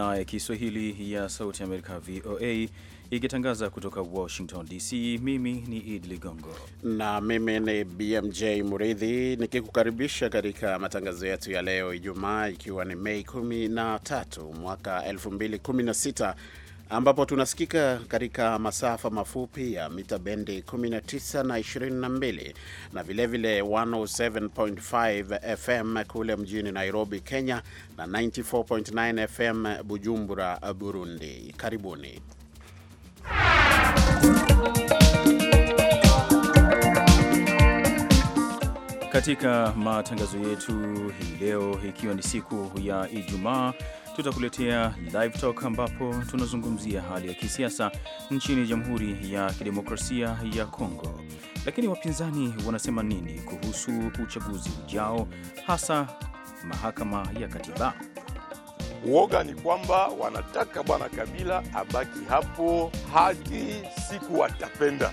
idhaa ya Kiswahili ya Sauti Amerika, VOA, ikitangaza kutoka Washington DC. Mimi ni Idi Ligongo na mimi ni BMJ Muridhi, nikikukaribisha katika matangazo yetu ya leo Ijumaa, ikiwa ni Mei 13 mwaka 2016 ambapo tunasikika katika masafa mafupi ya mita bendi 19 na 22 na vilevile 107.5 FM kule mjini Nairobi, Kenya na 94.9 FM Bujumbura, Burundi. Karibuni. Katika matangazo yetu hii leo, ikiwa ni siku ya Ijumaa tutakuletea live talk ambapo tunazungumzia hali ya kisiasa nchini Jamhuri ya Kidemokrasia ya Kongo. Lakini wapinzani wanasema nini kuhusu uchaguzi ujao, hasa mahakama ya katiba? Uoga ni kwamba wanataka bwana Kabila abaki hapo hadi siku watapenda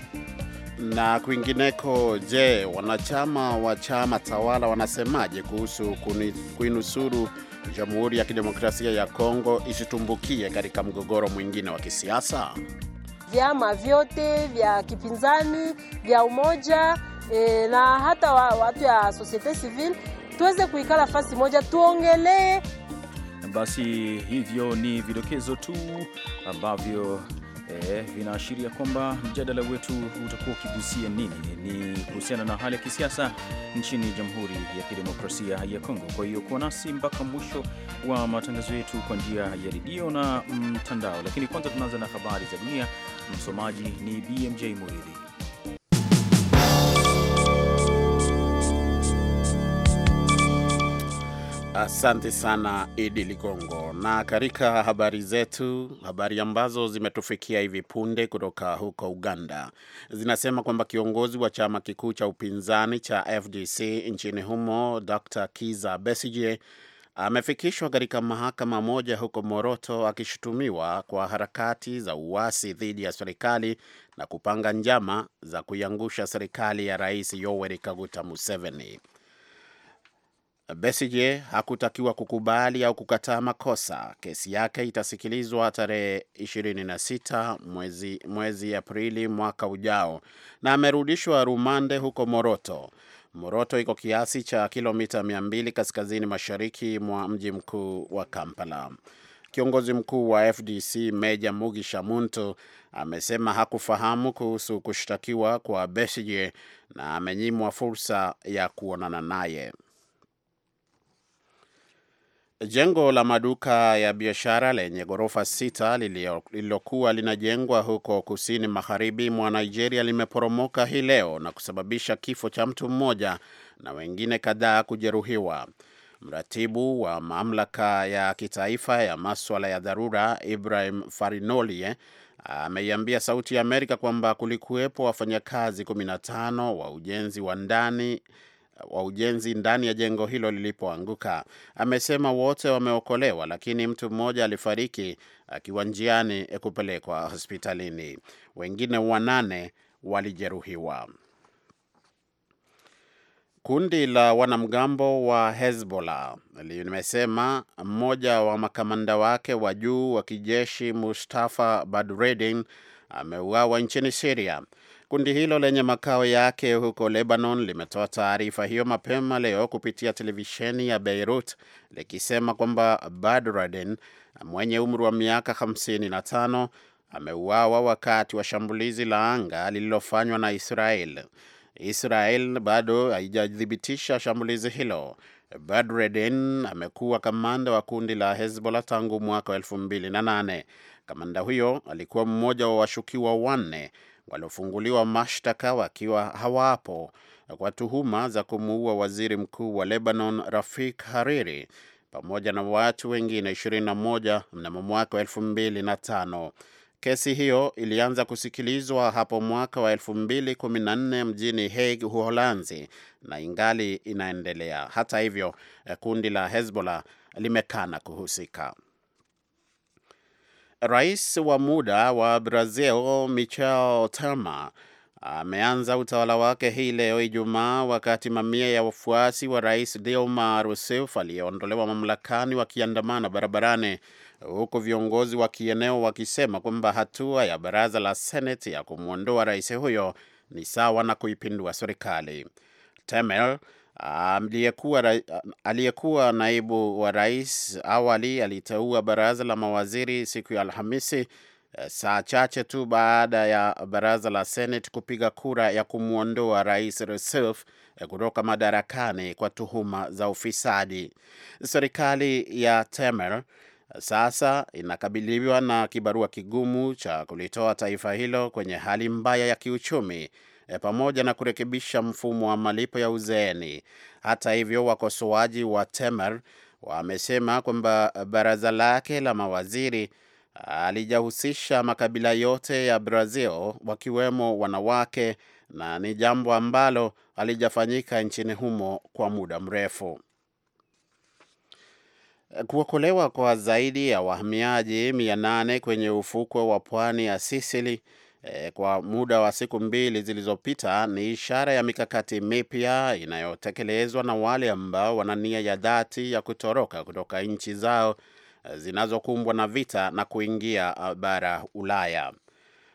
na kwingineko. Je, wanachama wa chama tawala wanasemaje kuhusu kuinusuru Jamhuri ya Kidemokrasia ya Kongo isitumbukie katika mgogoro mwingine wa kisiasa? Vyama vyote vya kipinzani vya umoja e, na hata watu ya societe civile tuweze kuikala fasi moja tuongelee. Basi hivyo ni vidokezo tu ambavyo e, eh, vinaashiria kwamba mjadala wetu utakuwa ukigusia nini? Ni kuhusiana na hali ya kisiasa nchini Jamhuri ya Kidemokrasia ya Kongo. Kwa hiyo kuwa nasi mpaka mwisho wa matangazo yetu kwa njia ya redio na mtandao, lakini kwanza tunaanza na habari za dunia. Msomaji ni BMJ Muridhi. Asante sana Idi Ligongo. Na katika habari zetu, habari ambazo zimetufikia hivi punde kutoka huko Uganda zinasema kwamba kiongozi wa chama kikuu cha upinzani cha FDC nchini humo Dr Kiza Besige amefikishwa katika mahakama moja huko Moroto akishutumiwa kwa harakati za uasi dhidi ya serikali na kupanga njama za kuiangusha serikali ya Rais Yoweri Kaguta Museveni. Besigye hakutakiwa kukubali au kukataa makosa. Kesi yake itasikilizwa tarehe 26 mwezi, mwezi Aprili mwaka ujao, na amerudishwa rumande huko Moroto. Moroto iko kiasi cha kilomita 200 kaskazini mashariki mwa mji mkuu wa Kampala. Kiongozi mkuu wa FDC Meja Mugisha Muntu amesema hakufahamu kuhusu kushtakiwa kwa Besigye na amenyimwa fursa ya kuonana naye. Jengo la maduka ya biashara lenye ghorofa sita lililokuwa linajengwa huko kusini magharibi mwa Nigeria limeporomoka hii leo na kusababisha kifo cha mtu mmoja na wengine kadhaa kujeruhiwa. Mratibu wa mamlaka ya kitaifa ya maswala ya dharura Ibrahim Farinolie ameiambia Sauti ya Amerika kwamba kulikuwepo wafanyakazi 15 wa ujenzi wa ndani wa ujenzi ndani ya jengo hilo lilipoanguka. Amesema wote wameokolewa, lakini mtu mmoja alifariki akiwa njiani kupelekwa hospitalini. Wengine wanane walijeruhiwa. Kundi la wanamgambo wa Hezbollah limesema mmoja wa makamanda wake wa juu wa kijeshi Mustafa Badreddin ameuawa nchini Siria. Kundi hilo lenye makao yake huko Lebanon limetoa taarifa hiyo mapema leo kupitia televisheni ya Beirut likisema kwamba Badraden mwenye umri wa miaka 55 ameuawa wakati wa shambulizi la anga lililofanywa na Israel. Israel bado haijathibitisha shambulizi hilo. Badreden amekuwa kamanda wa kundi la Hezbollah tangu mwaka wa elfu mbili na nane. Kamanda huyo alikuwa mmoja wa washukiwa wanne waliofunguliwa mashtaka wakiwa hawapo kwa tuhuma za kumuua waziri mkuu wa Lebanon Rafik Hariri pamoja na watu wengine 21 mnamo mwaka wa 2005. Kesi hiyo ilianza kusikilizwa hapo mwaka wa 2014 mjini Hague, Uholanzi, na ingali inaendelea. Hata hivyo, eh, kundi la Hezbollah limekana kuhusika. Rais wa muda wa Brazil Michel Temer ameanza utawala wake hii leo Ijumaa, wakati mamia ya wafuasi wa rais Dilma Rousseff aliyeondolewa mamlakani wakiandamana barabarani, huku viongozi wa kieneo wakisema kwamba hatua ya baraza la Seneti ya kumwondoa rais huyo ni sawa na kuipindua serikali. Temer Aliyekuwa naibu wa rais awali aliteua baraza la mawaziri siku ya Alhamisi, eh, saa chache tu baada ya baraza la Senate kupiga kura ya kumwondoa rais Rousseff eh, kutoka madarakani kwa tuhuma za ufisadi. Serikali ya Temer eh, sasa inakabiliwa na kibarua kigumu cha kulitoa taifa hilo kwenye hali mbaya ya kiuchumi e, pamoja na kurekebisha mfumo wa malipo ya uzeeni. Hata hivyo, wakosoaji wa Temer wamesema kwamba baraza lake la mawaziri alijahusisha makabila yote ya Brazil wakiwemo wanawake na ni jambo ambalo alijafanyika nchini humo kwa muda mrefu. E, kuokolewa kwa zaidi ya wahamiaji mia nane kwenye ufukwe wa pwani ya Sisili e, kwa muda wa siku mbili zilizopita ni ishara ya mikakati mipya inayotekelezwa na wale ambao wana nia ya dhati ya kutoroka kutoka nchi zao eh, zinazokumbwa na vita na kuingia eh, bara Ulaya.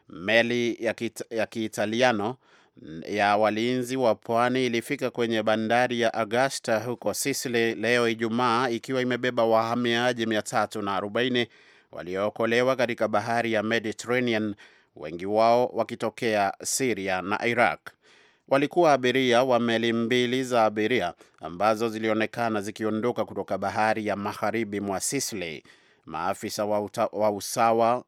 Meli ya, kita, ya Kiitaliano mm, ya walinzi wa pwani ilifika kwenye bandari ya Augusta huko Sicily leo Ijumaa ikiwa imebeba wahamiaji 340 waliookolewa katika bahari ya Mediterranean wengi wao wakitokea Siria na Iraq. Walikuwa abiria wa meli mbili za abiria ambazo zilionekana zikiondoka kutoka bahari ya magharibi mwa Sisili. Maafisa wa, uta, wa usawa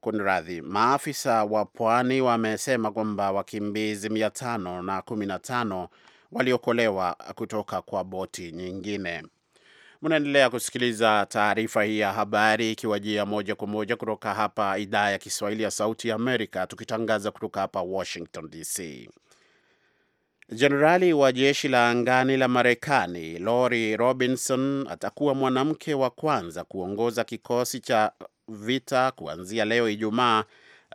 kunradhi, maafisa wa pwani wamesema kwamba wakimbizi mia tano na kumi na tano waliokolewa kutoka kwa boti nyingine. Mnaendelea kusikiliza taarifa hii ya habari ikiwajia moja kwa moja kutoka hapa idhaa ya Kiswahili ya Sauti ya Amerika, tukitangaza kutoka hapa Washington DC. Jenerali wa jeshi la angani la Marekani Lori Robinson atakuwa mwanamke wa kwanza kuongoza kikosi cha vita kuanzia leo Ijumaa,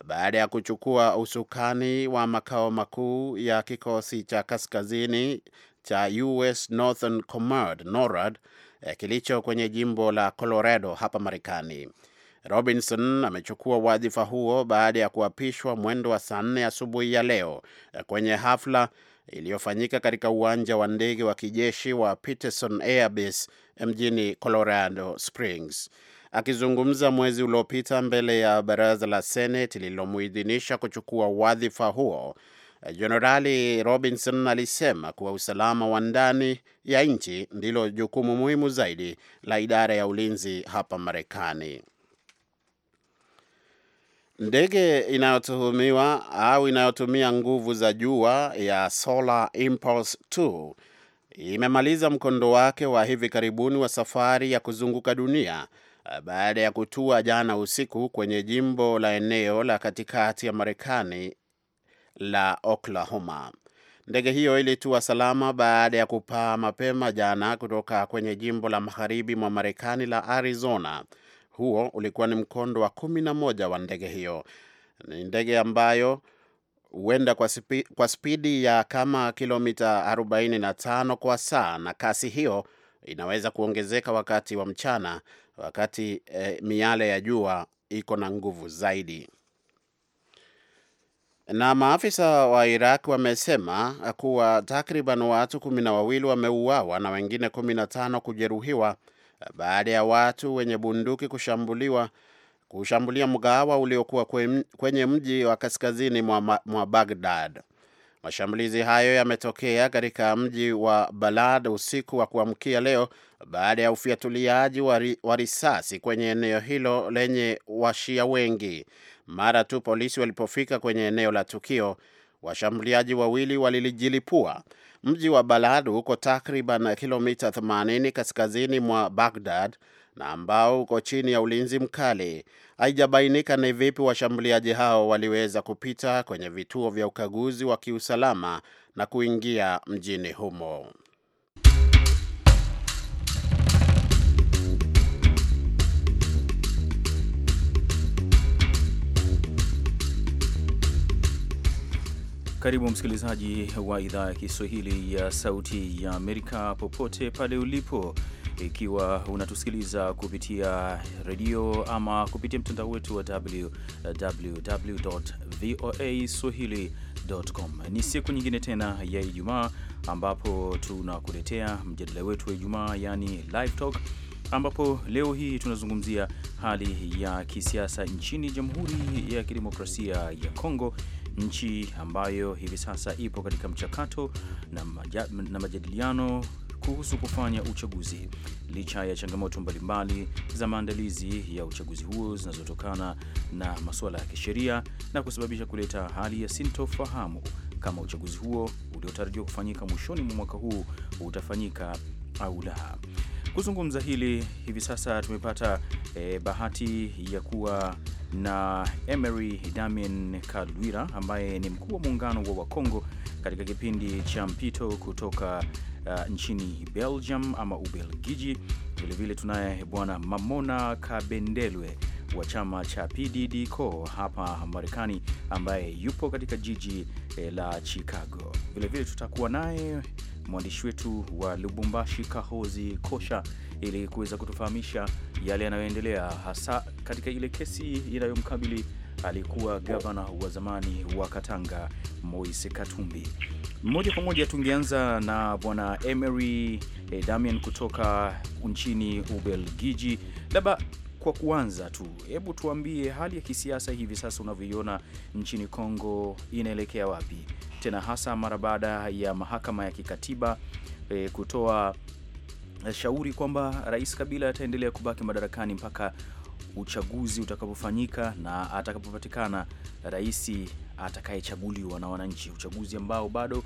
baada ya kuchukua usukani wa makao makuu ya kikosi cha kaskazini cha US Northern Command NORAD Eh, kilicho kwenye jimbo la Colorado hapa Marekani. Robinson amechukua wadhifa huo baada ya kuapishwa mwendo wa saa nne asubuhi ya leo eh, kwenye hafla iliyofanyika katika uwanja wa ndege wa kijeshi wa Peterson Air Base eh, mjini Colorado Springs. Akizungumza mwezi uliopita mbele ya baraza la Seneti lililomuidhinisha kuchukua wadhifa huo, Jenerali Robinson alisema kuwa usalama wa ndani ya nchi ndilo jukumu muhimu zaidi la idara ya ulinzi hapa Marekani. Ndege inayotuhumiwa au inayotumia nguvu za jua ya Solar Impulse 2 imemaliza mkondo wake wa hivi karibuni wa safari ya kuzunguka dunia baada ya kutua jana usiku kwenye jimbo la eneo la katikati ya Marekani la Oklahoma. Ndege hiyo ilitua salama baada ya kupaa mapema jana kutoka kwenye jimbo la magharibi mwa Marekani la Arizona. Huo ulikuwa ni mkondo wa kumi na moja wa ndege hiyo. Ni ndege ambayo huenda kwa, kwa spidi ya kama kilomita 45 kwa saa, na kasi hiyo inaweza kuongezeka wakati wa mchana, wakati eh, miale ya jua iko na nguvu zaidi. Na maafisa wa Iraq wamesema kuwa takriban watu kumi na wawili wameuawa na wengine kumi na tano kujeruhiwa baada ya watu wenye bunduki kushambuliwa kushambulia mgahawa uliokuwa kwenye mji wa kaskazini mwa, mwa Baghdad. Mashambulizi hayo yametokea katika mji wa Balad usiku wa kuamkia leo baada ya ufiatuliaji wa risasi kwenye eneo hilo lenye washia wengi. Mara tu polisi walipofika kwenye eneo la tukio, washambuliaji wawili walilijilipua. Mji wa Balad uko takriban kilomita 80 kaskazini mwa Baghdad na ambao uko chini ya ulinzi mkali. Haijabainika ni vipi washambuliaji hao waliweza kupita kwenye vituo vya ukaguzi wa kiusalama na kuingia mjini humo. Karibu msikilizaji wa idhaa ya Kiswahili ya Sauti ya Amerika popote pale ulipo, ikiwa unatusikiliza kupitia redio ama kupitia mtandao wetu wa www voa swahili.com. Ni siku nyingine tena ya Ijumaa ambapo tunakuletea mjadala wetu wa Ijumaa, yani live talk, ambapo leo hii tunazungumzia hali ya kisiasa nchini Jamhuri ya Kidemokrasia ya Kongo nchi ambayo hivi sasa ipo katika mchakato na, maja, na majadiliano kuhusu kufanya uchaguzi licha ya changamoto mbalimbali za maandalizi ya uchaguzi huo zinazotokana na masuala ya kisheria na kusababisha kuleta hali ya sintofahamu kama uchaguzi huo uliotarajiwa kufanyika mwishoni mwa mwaka huu utafanyika au la. Kuzungumza hili hivi sasa tumepata eh, bahati ya kuwa na Emery Damien Kalwira ambaye ni mkuu wa muungano wa Wakongo katika kipindi cha mpito kutoka uh, nchini Belgium ama Ubelgiji. Vilevile tunaye bwana Mamona Kabendelwe wa chama cha PDD Co hapa Marekani, ambaye yupo katika jiji eh, la Chicago. Vilevile tutakuwa naye mwandishi wetu wa Lubumbashi, Kahozi Kosha, ili kuweza kutufahamisha yale yanayoendelea hasa katika ile kesi inayomkabili alikuwa gavana wa zamani wa Katanga Moise Katumbi. Moja kwa moja tungeanza na bwana Emery eh, Damian kutoka nchini Ubelgiji. Labda kwa kuanza tu, hebu tuambie hali ya kisiasa hivi sasa unavyoiona nchini Kongo inaelekea wapi, tena hasa mara baada ya mahakama ya kikatiba e, kutoa eh, shauri kwamba Rais Kabila ataendelea kubaki madarakani mpaka uchaguzi utakapofanyika na atakapopatikana rais atakayechaguliwa na wananchi, uchaguzi ambao bado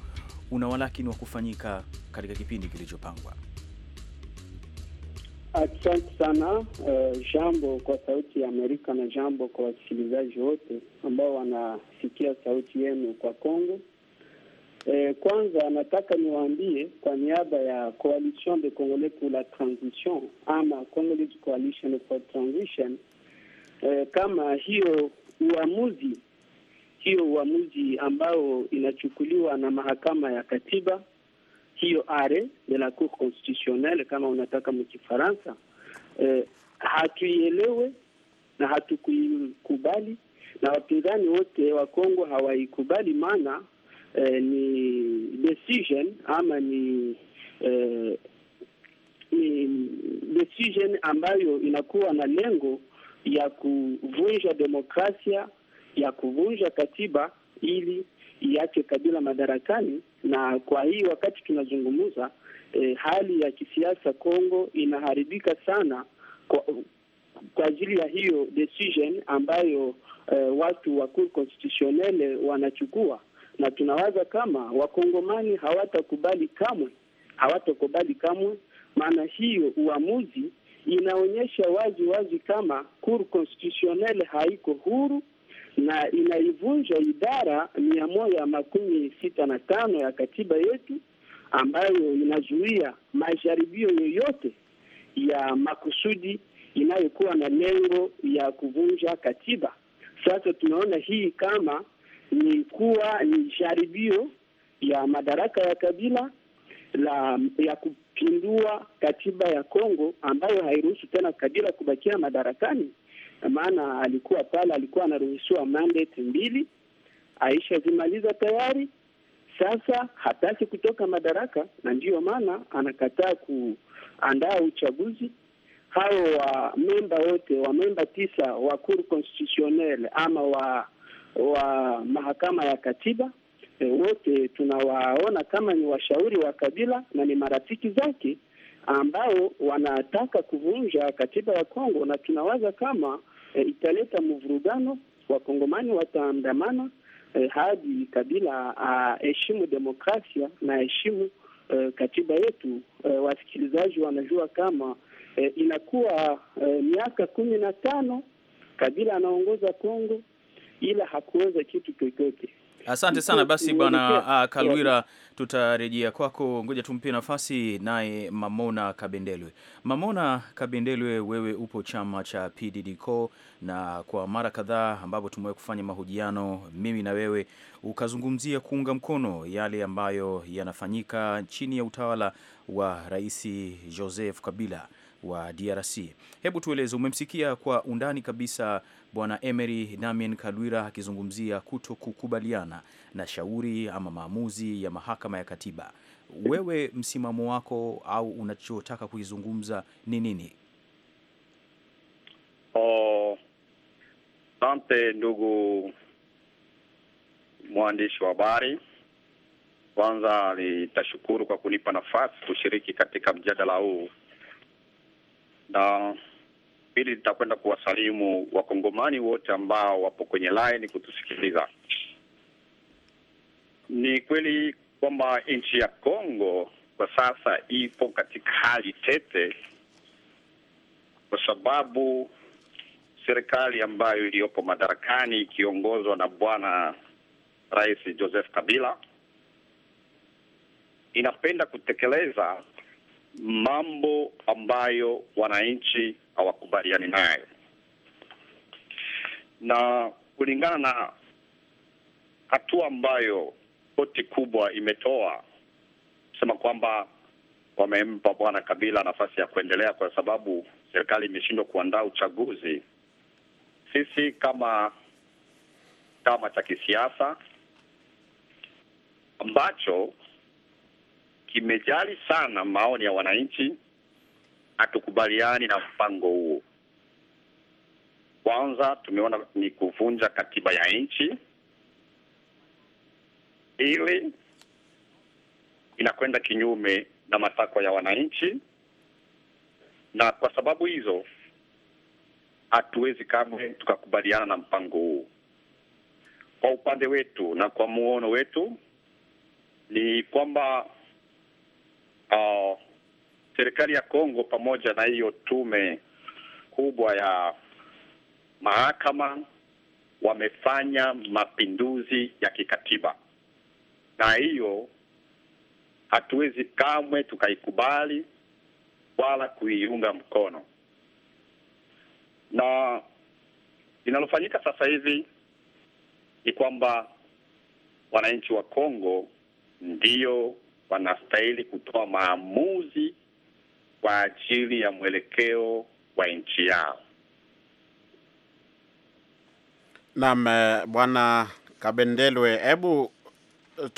una walakini wa kufanyika katika kipindi kilichopangwa. Asante sana uh, jambo kwa Sauti ya Amerika na jambo kwa wasikilizaji wote ambao wanasikia sauti yenu kwa congo Eh, kwanza nataka niwaambie kwa niaba ya Coalition de Congolais pour la Transition ama Congolese Coalition for Transition eh, kama hiyo uamuzi hiyo uamuzi ambao inachukuliwa na mahakama ya katiba hiyo are de la Cour Constitutionnelle kama unataka mkifaransa eh, hatuielewe na hatukuikubali na wapinzani wote wa Kongo hawaikubali, maana eh, ni decision ama ni eh, ni decision ambayo inakuwa na lengo ya kuvunja demokrasia ya kuvunja katiba ili iache Kabila madarakani. Na kwa hii wakati tunazungumza, e, hali ya kisiasa Kongo inaharibika sana kwa, kwa ajili ya hiyo decision ambayo e, watu wa Cour Constitutionnelle wanachukua, na tunawaza kama wakongomani hawatakubali kamwe, hawatakubali kamwe, maana hiyo uamuzi inaonyesha wazi wazi kama Cour Constitutionnelle haiko huru na inaivunja idara mia moja makumi sita na tano ya katiba yetu ambayo inazuia majaribio yoyote ya makusudi inayokuwa na lengo ya kuvunja katiba. Sasa tunaona hii kama ni kuwa ni jaribio ya madaraka ya kabila la ya kupindua katiba ya Kongo ambayo hairuhusu tena kabila kubakia madarakani maana alikuwa pale, alikuwa anaruhusiwa mandate mbili, aishazimaliza tayari. Sasa hataki kutoka madaraka, na ndiyo maana anakataa kuandaa uchaguzi. Hao wa memba wote wa memba tisa wa Cour Constitutionnelle ama wa wa mahakama ya katiba e, wote tunawaona kama ni washauri wa Kabila na ni marafiki zake ambao wanataka kuvunja katiba ya Kongo, na tunawaza kama e, italeta mvurugano. Wakongomani wataandamana e, hadi Kabila aheshimu demokrasia na heshimu e, katiba yetu. E, wasikilizaji wanajua kama e, inakuwa e, miaka kumi na tano Kabila anaongoza Kongo ila hakuweza kitu chochote. Asante sana basi bwana ah, yaani. Kalwira, tutarejea kwako. Ngoja tumpe nafasi naye Mamona Kabendelwe. Mamona Kabendelwe, wewe upo chama cha PDDCO na kwa mara kadhaa ambapo tumewahi kufanya mahojiano mimi na wewe ukazungumzia kuunga mkono yale ambayo yanafanyika chini ya utawala wa Rais Joseph Kabila wa DRC. Hebu tueleze, umemsikia kwa undani kabisa Bwana Emery Damien Kalwira akizungumzia kuto kukubaliana na shauri ama maamuzi ya mahakama ya katiba. Wewe msimamo wako au unachotaka kuizungumza ni nini? Oh, asante oh, ndugu mwandishi wa habari. Kwanza nitashukuru kwa kunipa nafasi kushiriki katika mjadala huu na pili nitakwenda kuwasalimu wakongomani wote ambao wapo kwenye line kutusikiliza. Ni kweli kwamba nchi ya Kongo kwa sasa ipo katika hali tete, kwa sababu serikali ambayo iliyopo madarakani ikiongozwa na bwana Rais Joseph Kabila inapenda kutekeleza mambo ambayo wananchi hawakubaliani nayo, na kulingana na hatua ambayo koti kubwa imetoa kusema kwamba wamempa bwana Kabila nafasi ya kuendelea kwa sababu serikali imeshindwa kuandaa uchaguzi. Sisi kama chama cha kisiasa ambacho kimejali sana maoni ya wananchi, hatukubaliani na mpango huo. Kwanza tumeona ni kuvunja katiba ya nchi. ili inakwenda kinyume na matakwa ya wananchi, na kwa sababu hizo hatuwezi kamwe tukakubaliana na mpango huu. Kwa upande wetu na kwa muono wetu ni kwamba uh, serikali ya Kongo pamoja na hiyo tume kubwa ya mahakama wamefanya mapinduzi ya kikatiba, na hiyo hatuwezi kamwe tukaikubali wala kuiunga mkono. Na linalofanyika sasa hivi ni kwamba wananchi wa Kongo ndio wanastahili kutoa maamuzi kwa ajili ya mwelekeo wa nchi yao. Naam, eh, Bwana Kabendelwe, hebu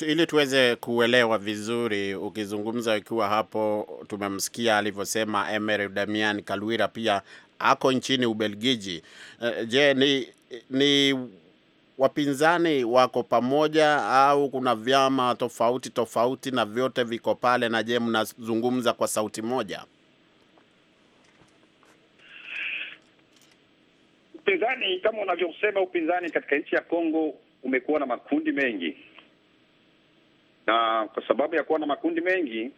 ili tuweze kuelewa vizuri, ukizungumza ukiwa hapo, tumemsikia alivyosema Emery Damian Kalwira pia ako nchini Ubelgiji. Eh, je, ni ni wapinzani wako pamoja au kuna vyama tofauti tofauti na vyote viko pale? Na je, mnazungumza kwa sauti moja? Upinzani kama unavyosema, upinzani katika nchi ya Kongo umekuwa na makundi mengi, na kwa sababu ya kuwa na makundi mengi,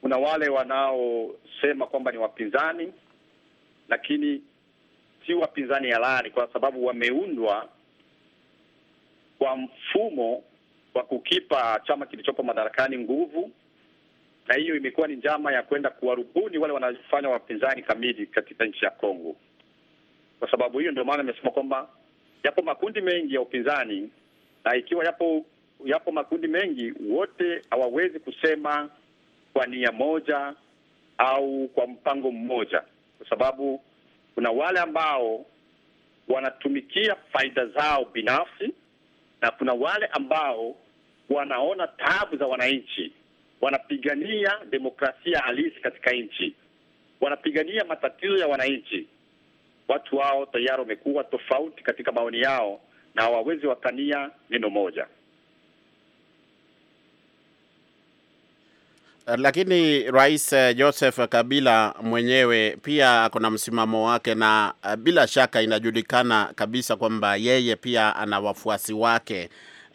kuna wale wanaosema kwamba ni wapinzani, lakini si wapinzani halali, kwa sababu wameundwa kwa mfumo wa kukipa chama kilichopo madarakani nguvu, na hiyo imekuwa ni njama ya kwenda kuwarubuni wale wanafanya wapinzani kamili katika nchi ya Kongo. Kwa sababu hiyo, ndio maana nimesema kwamba yapo makundi mengi ya upinzani, na ikiwa yapo yapo makundi mengi, wote hawawezi kusema kwa nia moja au kwa mpango mmoja, kwa sababu kuna wale ambao wanatumikia faida zao binafsi na kuna wale ambao wanaona tabu za wananchi, wanapigania demokrasia halisi katika nchi, wanapigania matatizo ya wananchi. Watu hao tayari wamekuwa tofauti katika maoni yao na hawawezi wakania neno moja. Lakini Rais eh, Joseph Kabila mwenyewe pia ako na msimamo wake, na eh, bila shaka inajulikana kabisa kwamba yeye pia ana wafuasi wake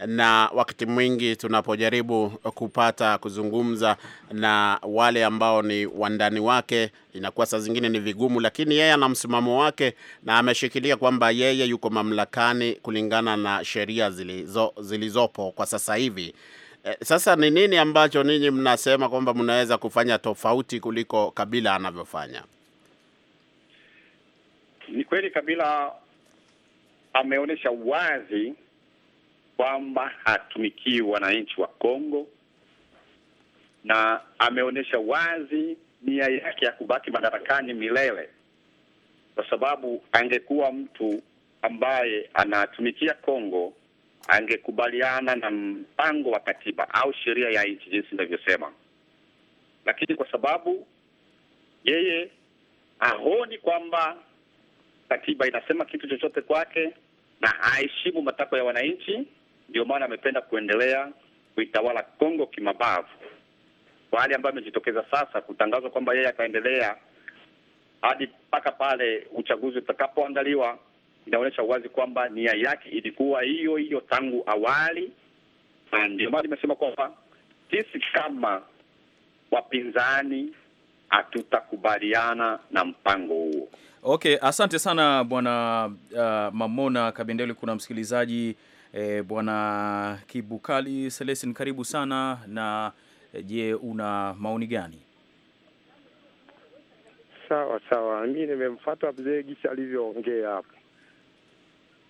na wakati mwingi tunapojaribu kupata kuzungumza na wale ambao ni wandani wake inakuwa saa zingine ni vigumu, lakini yeye ana msimamo wake na ameshikilia kwamba yeye yuko mamlakani kulingana na sheria zilizo, zilizopo kwa sasa hivi Eh, sasa ni nini ambacho ninyi mnasema kwamba mnaweza kufanya tofauti kuliko Kabila anavyofanya? Ni kweli Kabila ameonyesha wazi kwamba hatumikii wananchi wa Kongo na ameonyesha wazi nia yake ya kubaki madarakani milele, kwa sababu angekuwa mtu ambaye anatumikia Kongo angekubaliana na mpango wa katiba au sheria ya nchi jinsi inavyosema, lakini kwa sababu yeye ahoni kwamba katiba inasema kitu chochote kwake na haheshimu matakwa ya wananchi, ndio maana amependa kuendelea kuitawala Kongo kimabavu. Kwa hali ambayo imejitokeza sasa, kutangazwa kwamba yeye ataendelea hadi mpaka pale uchaguzi utakapoandaliwa inaonyesha wazi kwamba nia yake ilikuwa hiyo hiyo tangu awali, na ndio maana nimesema kwamba sisi kama wapinzani hatutakubaliana na mpango huo. Okay, asante sana bwana uh, Mamona kabendeli Kuna msikilizaji eh, bwana Kibukali Selesin, karibu sana na eh, je, una maoni gani? Sawa sawa, mi nimemfata mzee Gisa alivyoongea hapo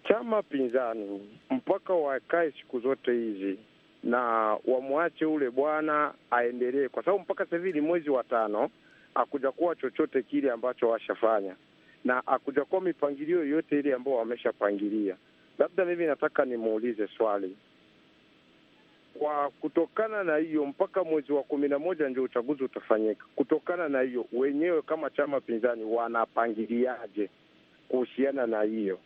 chama pinzani mpaka wakae siku zote hizi na wamwache ule bwana aendelee, kwa sababu mpaka sasa hivi ni mwezi wa tano, akuja kuwa chochote kile ambacho washafanya na akuja kuwa mipangilio yoyote ile ambayo wameshapangilia. Labda mimi nataka nimuulize swali kwa kutokana na hiyo, mpaka mwezi wa kumi na moja ndio uchaguzi utafanyika. Kutokana na hiyo, wenyewe kama chama pinzani wanapangiliaje kuhusiana na hiyo?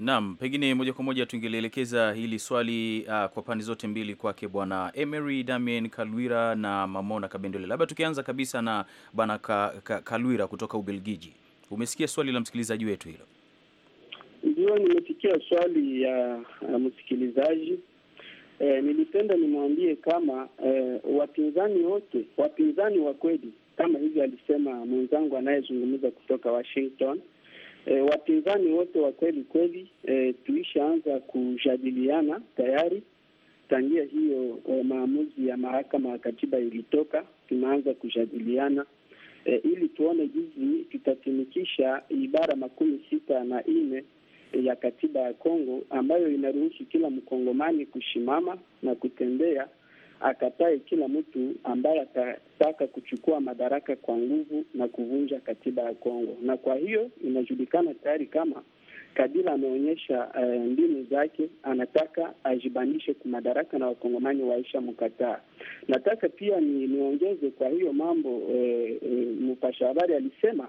Naam, pengine moja kwa moja tungelielekeza hili swali uh, kwa pande zote mbili kwake Bwana Emery Damien Kalwira na Mamona kabendole Labda tukianza kabisa na Bwana ka, ka, Kalwira kutoka Ubelgiji. Umesikia swali la msikilizaji wetu hilo? Ndio, nimesikia swali ya, uh, msikilizaji e, nilipenda nimwambie kama e, wapinzani wote wapinzani wa kweli kama hivyo alisema mwenzangu anayezungumza kutoka Washington E, wapinzani wote wa kweli kweli e, tulishaanza kujadiliana tayari tangia hiyo e, maamuzi ya mahakama ya katiba ilitoka, tunaanza kujadiliana e, ili tuone jinsi tutatumikisha ibara makumi sita na nne ya katiba ya Kongo ambayo inaruhusu kila mkongomani kushimama na kutembea akatae kila mtu ambaye atataka kuchukua madaraka kwa nguvu na kuvunja katiba ya Kongo. Na kwa hiyo inajulikana tayari kama Kabila ameonyesha eh, mbinu zake. Anataka ajibanishe kwa madaraka na wakongomani waisha mkataa. Nataka pia ni niongeze kwa hiyo mambo eh, eh, mpasha habari alisema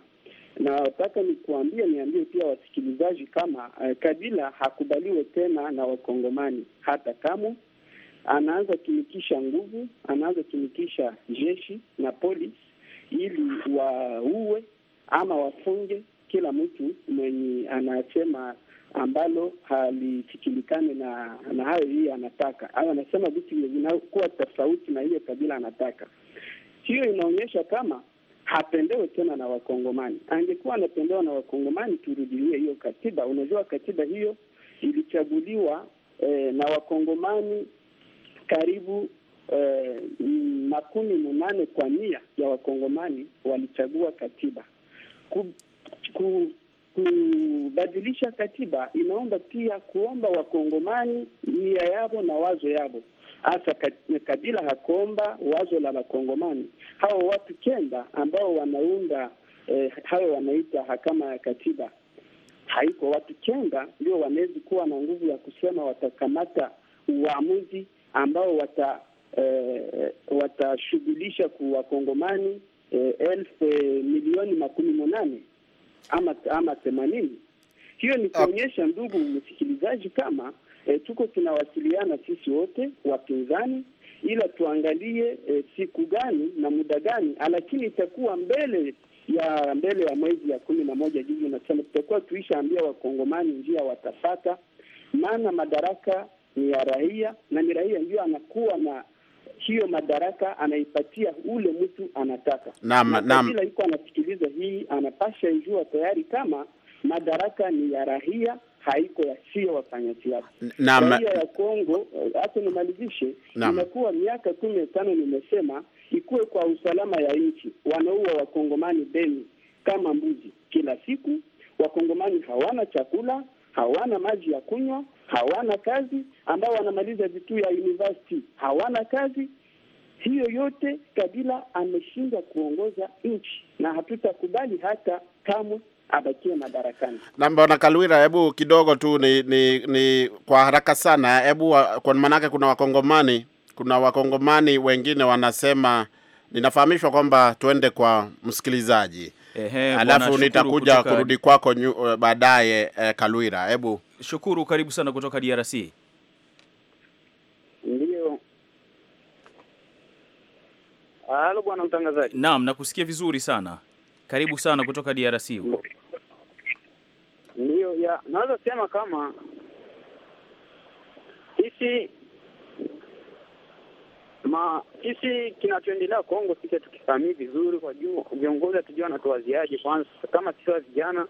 na nataka kuambia niambie pia wasikilizaji kama uh, Kabila hakubaliwe tena na wakongomani hata kamwe anaanza tumikisha nguvu, anaanza tumikisha jeshi na polisi ili wauwe ama wafunge kila mtu mwenye anasema ambalo halifikilikane na na hayo hii anataka au anasema vitu vinakuwa tofauti na hiyo kabila anataka. Hiyo inaonyesha kama hapendewe tena na Wakongomani. Angekuwa anapendewa na Wakongomani, turudilie hiyo katiba. Unajua katiba hiyo ilichaguliwa eh, na Wakongomani karibu eh, makumi munane kwa mia ya wakongomani walichagua katiba ku, ku, kubadilisha katiba inaomba pia kuomba wakongomani nia yavo na wazo yavo, hasa Kabila hakuomba wazo la wakongomani hao watu kenda ambao wanaunda eh, hayo wanaita hakama ya katiba. Haiko watu kenda ndio wanawezi kuwa na nguvu ya kusema watakamata uamuzi ambao wata eh, watashughulisha kwa eh, elfu eh, milioni makumi manane ama ama themanini. Hiyo ni ah. kuonyesha, ndugu msikilizaji, kama eh, tuko tunawasiliana sisi wote wapinzani, ila tuangalie eh, siku gani na muda gani, lakini itakuwa mbele ya mbele ya mwezi ya kumi na moja jiji unasema, tutakuwa tuishaambia wakongomani njia watafata, maana madaraka ni ya raia, na ni raia ndio anakuwa na hiyo madaraka anaipatia ule mtu anataka. Naam, naam, kila iko anasikiliza hii, anapasha ijua tayari kama madaraka ni ya raia, haiko ya sio wafanyasiasa. Raia ya Kongo, hata nimalizishe, imekuwa miaka kumi na tano, nimesema ikuwe kwa usalama ya nchi. Wanaua wakongomani Beni kama mbuzi kila siku, wakongomani hawana chakula, hawana maji ya kunywa hawana kazi, ambao wanamaliza vituo ya university hawana kazi. Hiyo yote Kabila ameshindwa kuongoza nchi, na hatutakubali hata kamwe abakie madarakani. Na bwana Kalwira, hebu kidogo tu ni, ni, ni kwa haraka sana, hebu kwa manake kuna wakongomani kuna wakongomani wengine wanasema, ninafahamishwa kwamba tuende kwa msikilizaji Ehe, alafu nitakuja kutoka... kurudi kwako eh, baadaye eh, Kalwira. Hebu shukuru, karibu sana kutoka DRC. Ndio, halo bwana mtangazaji. Naam, nakusikia vizuri sana, karibu sana kutoka DRC Ndio, ya naweza sema kama sisi ma sisi, kinachoendelea Kongo sisi hatukifahamii vizuri, kwa juu viongozi hatujua anatuwaziaje. Kwanza kama sisi wa vijana,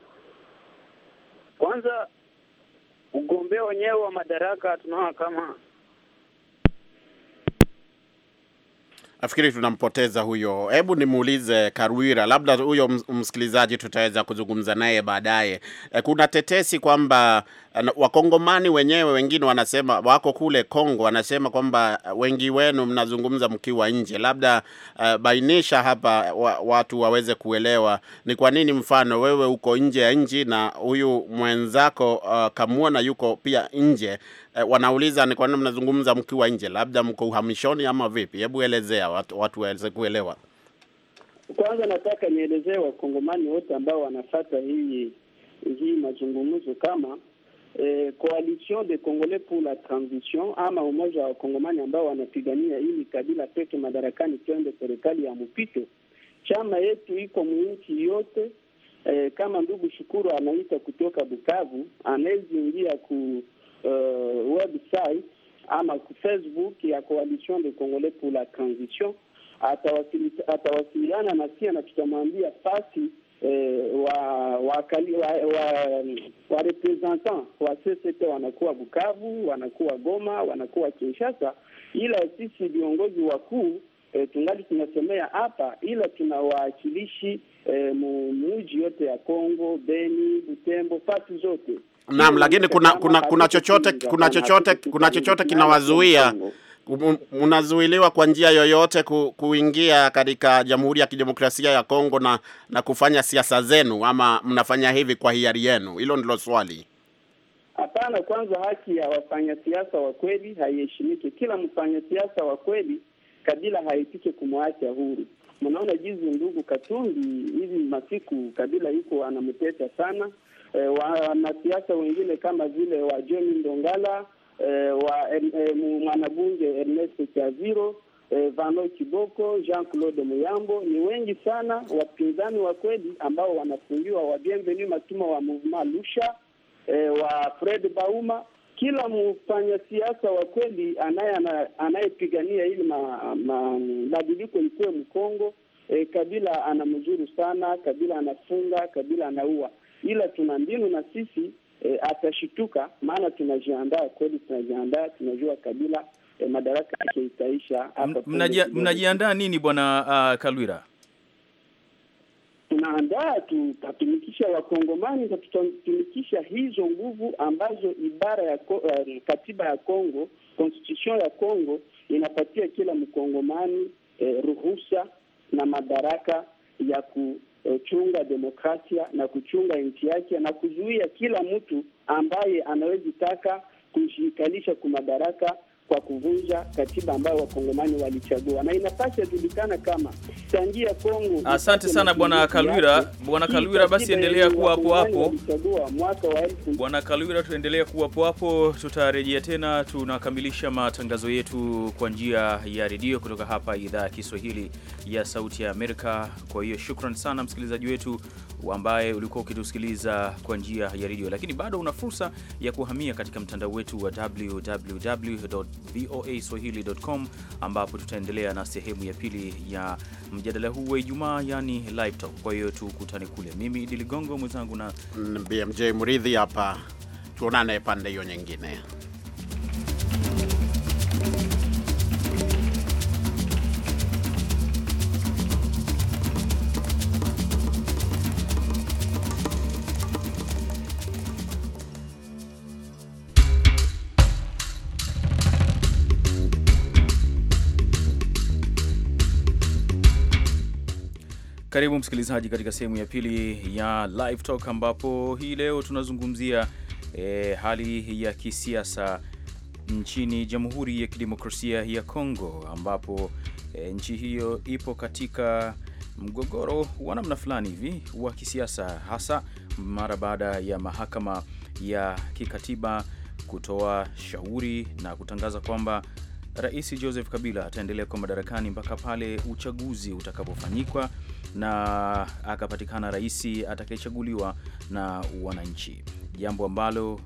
kwanza ugombea wenyewe wa madaraka tunaona kama Nafikiri tunampoteza huyo. Hebu nimuulize Karwira, labda huyo msikilizaji tutaweza kuzungumza naye baadaye. Eh, kuna tetesi kwamba eh, wakongomani wenyewe wengine wanasema wako kule Kongo, wanasema kwamba eh, wengi wenu mnazungumza mkiwa nje. Labda uh, bainisha hapa wa, watu waweze kuelewa ni kwa nini, mfano wewe uko nje ya nchi na huyu mwenzako uh, Kamuona yuko pia nje eh, wanauliza ni kwa nini mnazungumza mkiwa nje, labda mko uhamishoni ama vipi? Hebu elezea watu, watu waweze kuelewa. Kwanza nataka nielezee wakongomani wote ambao wanafata hii hii mazungumzo kama eh, Coalition de Congolais pour la Transition ama umoja wa wakongomani ambao wanapigania ili kabila peke madarakani twende serikali ya mpito. Chama yetu iko muinchi yote eh, kama ndugu Shukuru anaita kutoka Bukavu, anayeziingia ku uh, website ama Facebook ya Coalition de Congolais pour la Transition. Atawasiliana na pia na tutamwambia fasi eh, wa wa, wa, wa, wa CCT wanakuwa Bukavu, wanakuwa Goma, wanakuwa Kinshasa, ila sisi viongozi wakuu eh, tungali tunasemea hapa ila tunawaakilishi eh, muji yote ya Kongo, Beni, Butembo, fasi zote. Naam, lakini kuna kuna kuna chochote kuna chochote kuna chochote kinawazuia unazuiliwa kwa njia yoyote ku, kuingia katika Jamhuri ya Kidemokrasia ya Kongo na na kufanya siasa zenu, ama mnafanya hivi kwa hiari yenu? Hilo ndilo swali. Hapana, kwanza haki ya wafanya siasa wa kweli haiheshimiki. Kila mfanya siasa wa kweli Kabila haitike kumwacha huru. Mnaona jinsi ndugu Katumbi hivi masiku Kabila yuko anamtesa sana e, wanasiasa wengine kama vile wa John Ndongala e, wa e, mwanabunge Ernest Kiaviro e, eh, Vano Kiboko, Jean Claude Muyambo. Ni wengi sana wapinzani wa kweli ambao wanafungiwa, wa Bienvenu Matuma wa Mouvement Lusha e, wa Fred Bauma kila mfanyasiasa wa kweli anayepigania ili mabadiliko ma, ikuwe Mkongo. E, Kabila anamzuru sana, Kabila anafunga, Kabila anaua ila tuna mbinu na sisi e, atashituka, maana tunajiandaa kweli, tunajiandaa, tunajua kabila e, madaraka yake itaisha Mnajiandaa nini bwana uh, Kalwira? Tunaandaa tutatumikisha Wakongomani na tutatumikisha hizo nguvu ambazo ibara ya ko, uh, katiba ya Kongo, constitution ya Kongo inapatia kila mkongomani eh, ruhusa na madaraka ya ku Eh, kuchunga demokrasia na kuchunga nchi yake na kuzuia kila mtu ambaye anawezi taka kushikalisha kwa madaraka kwa kuvunja katiba ambayo wakongomani walichagua, na inapasha julikana kama tangia Kongo. Asante sana bwana Kalwira. Bwana Kalwira, basi endelea kuwa hapo hapo, bwana Kalwira, tuendelea kuwa hapo hapo, tutarejea tena. Tunakamilisha matangazo yetu kwa njia ya redio kutoka hapa idhaa ya Kiswahili ya Sauti ya Amerika. Kwa hiyo shukran sana msikilizaji wetu ambaye ulikuwa ukitusikiliza kwa njia ya redio, lakini bado una fursa ya kuhamia katika mtandao wetu wa www swahili.com, ambapo tutaendelea na sehemu ya pili ya mjadala huu wa Ijumaa, yani live talk. Kwa hiyo tukutane kule. Mimi Idi Ligongo, mwenzangu na BMJ Muridhi hapa, tuonane pande hiyo nyingine. Karibu msikilizaji katika sehemu ya pili ya Live Talk ambapo hii leo tunazungumzia e, hali ya kisiasa nchini Jamhuri ya Kidemokrasia ya Kongo ambapo e, nchi hiyo ipo katika mgogoro wa namna fulani hivi wa kisiasa hasa mara baada ya mahakama ya kikatiba kutoa shauri na kutangaza kwamba Rais Joseph Kabila ataendelea kuwa madarakani mpaka pale uchaguzi utakapofanyikwa na akapatikana rais atakayechaguliwa na wananchi, jambo ambalo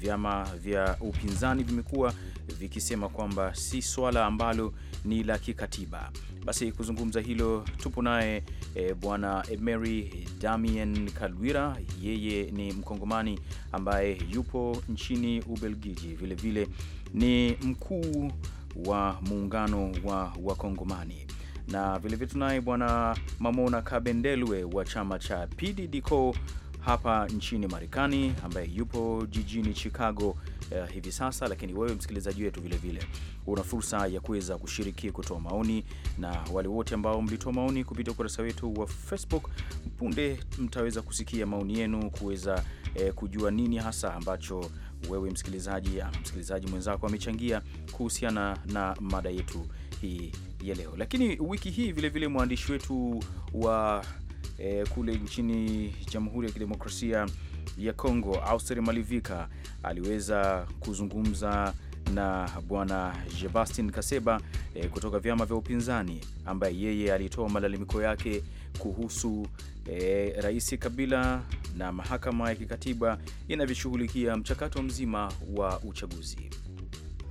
vyama vya upinzani vimekuwa vikisema kwamba si swala ambalo ni la kikatiba. Basi kuzungumza hilo, tupo naye e, bwana Emery Damien Kalwira. Yeye ni Mkongomani ambaye yupo nchini Ubelgiji, vilevile vile ni mkuu wa muungano wa Wakongomani, na vilevile tunaye bwana Mamona Kabendelwe wa chama cha PDDCO hapa nchini Marekani, ambaye yupo jijini Chicago Uh, hivi sasa lakini wewe msikilizaji wetu vilevile una fursa ya kuweza kushiriki kutoa maoni, na wale wote ambao mlitoa maoni kupitia ukurasa wetu wa Facebook, punde mtaweza kusikia maoni yenu kuweza eh, kujua nini hasa ambacho wewe msikilizaji, ah, msikilizaji mwenzako amechangia kuhusiana na mada yetu hii ya leo. Lakini wiki hii vilevile mwandishi wetu wa e, kule nchini Jamhuri ya Kidemokrasia ya Kongo Auster Malivika aliweza kuzungumza na bwana Jebastin Kaseba e, kutoka vyama vya upinzani ambaye yeye alitoa malalamiko yake kuhusu e, Rais Kabila na mahakama ya kikatiba inavyoshughulikia mchakato mzima wa uchaguzi.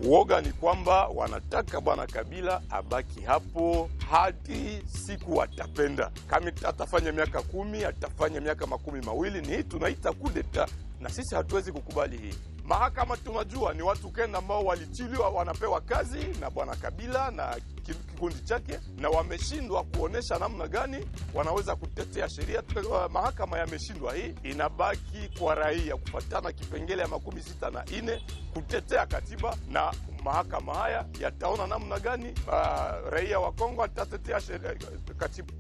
Uoga ni kwamba wanataka bwana Kabila abaki hapo hadi siku atapenda. Kama atafanya miaka kumi, atafanya miaka makumi mawili, ni hii tunaita kudeta, na sisi hatuwezi kukubali hii. Mahakama tunajua ni watu kenda ambao walitiliwa wanapewa kazi na bwana Kabila na kikundi chake, na wameshindwa kuonyesha namna gani wanaweza kutetea sheria. Uh, mahakama yameshindwa, hii inabaki kwa raia kufatana kipengele ya makumi sita na ine kutetea katiba, na mahakama haya yataona namna gani uh, raia wa Kongo atatetea katiba.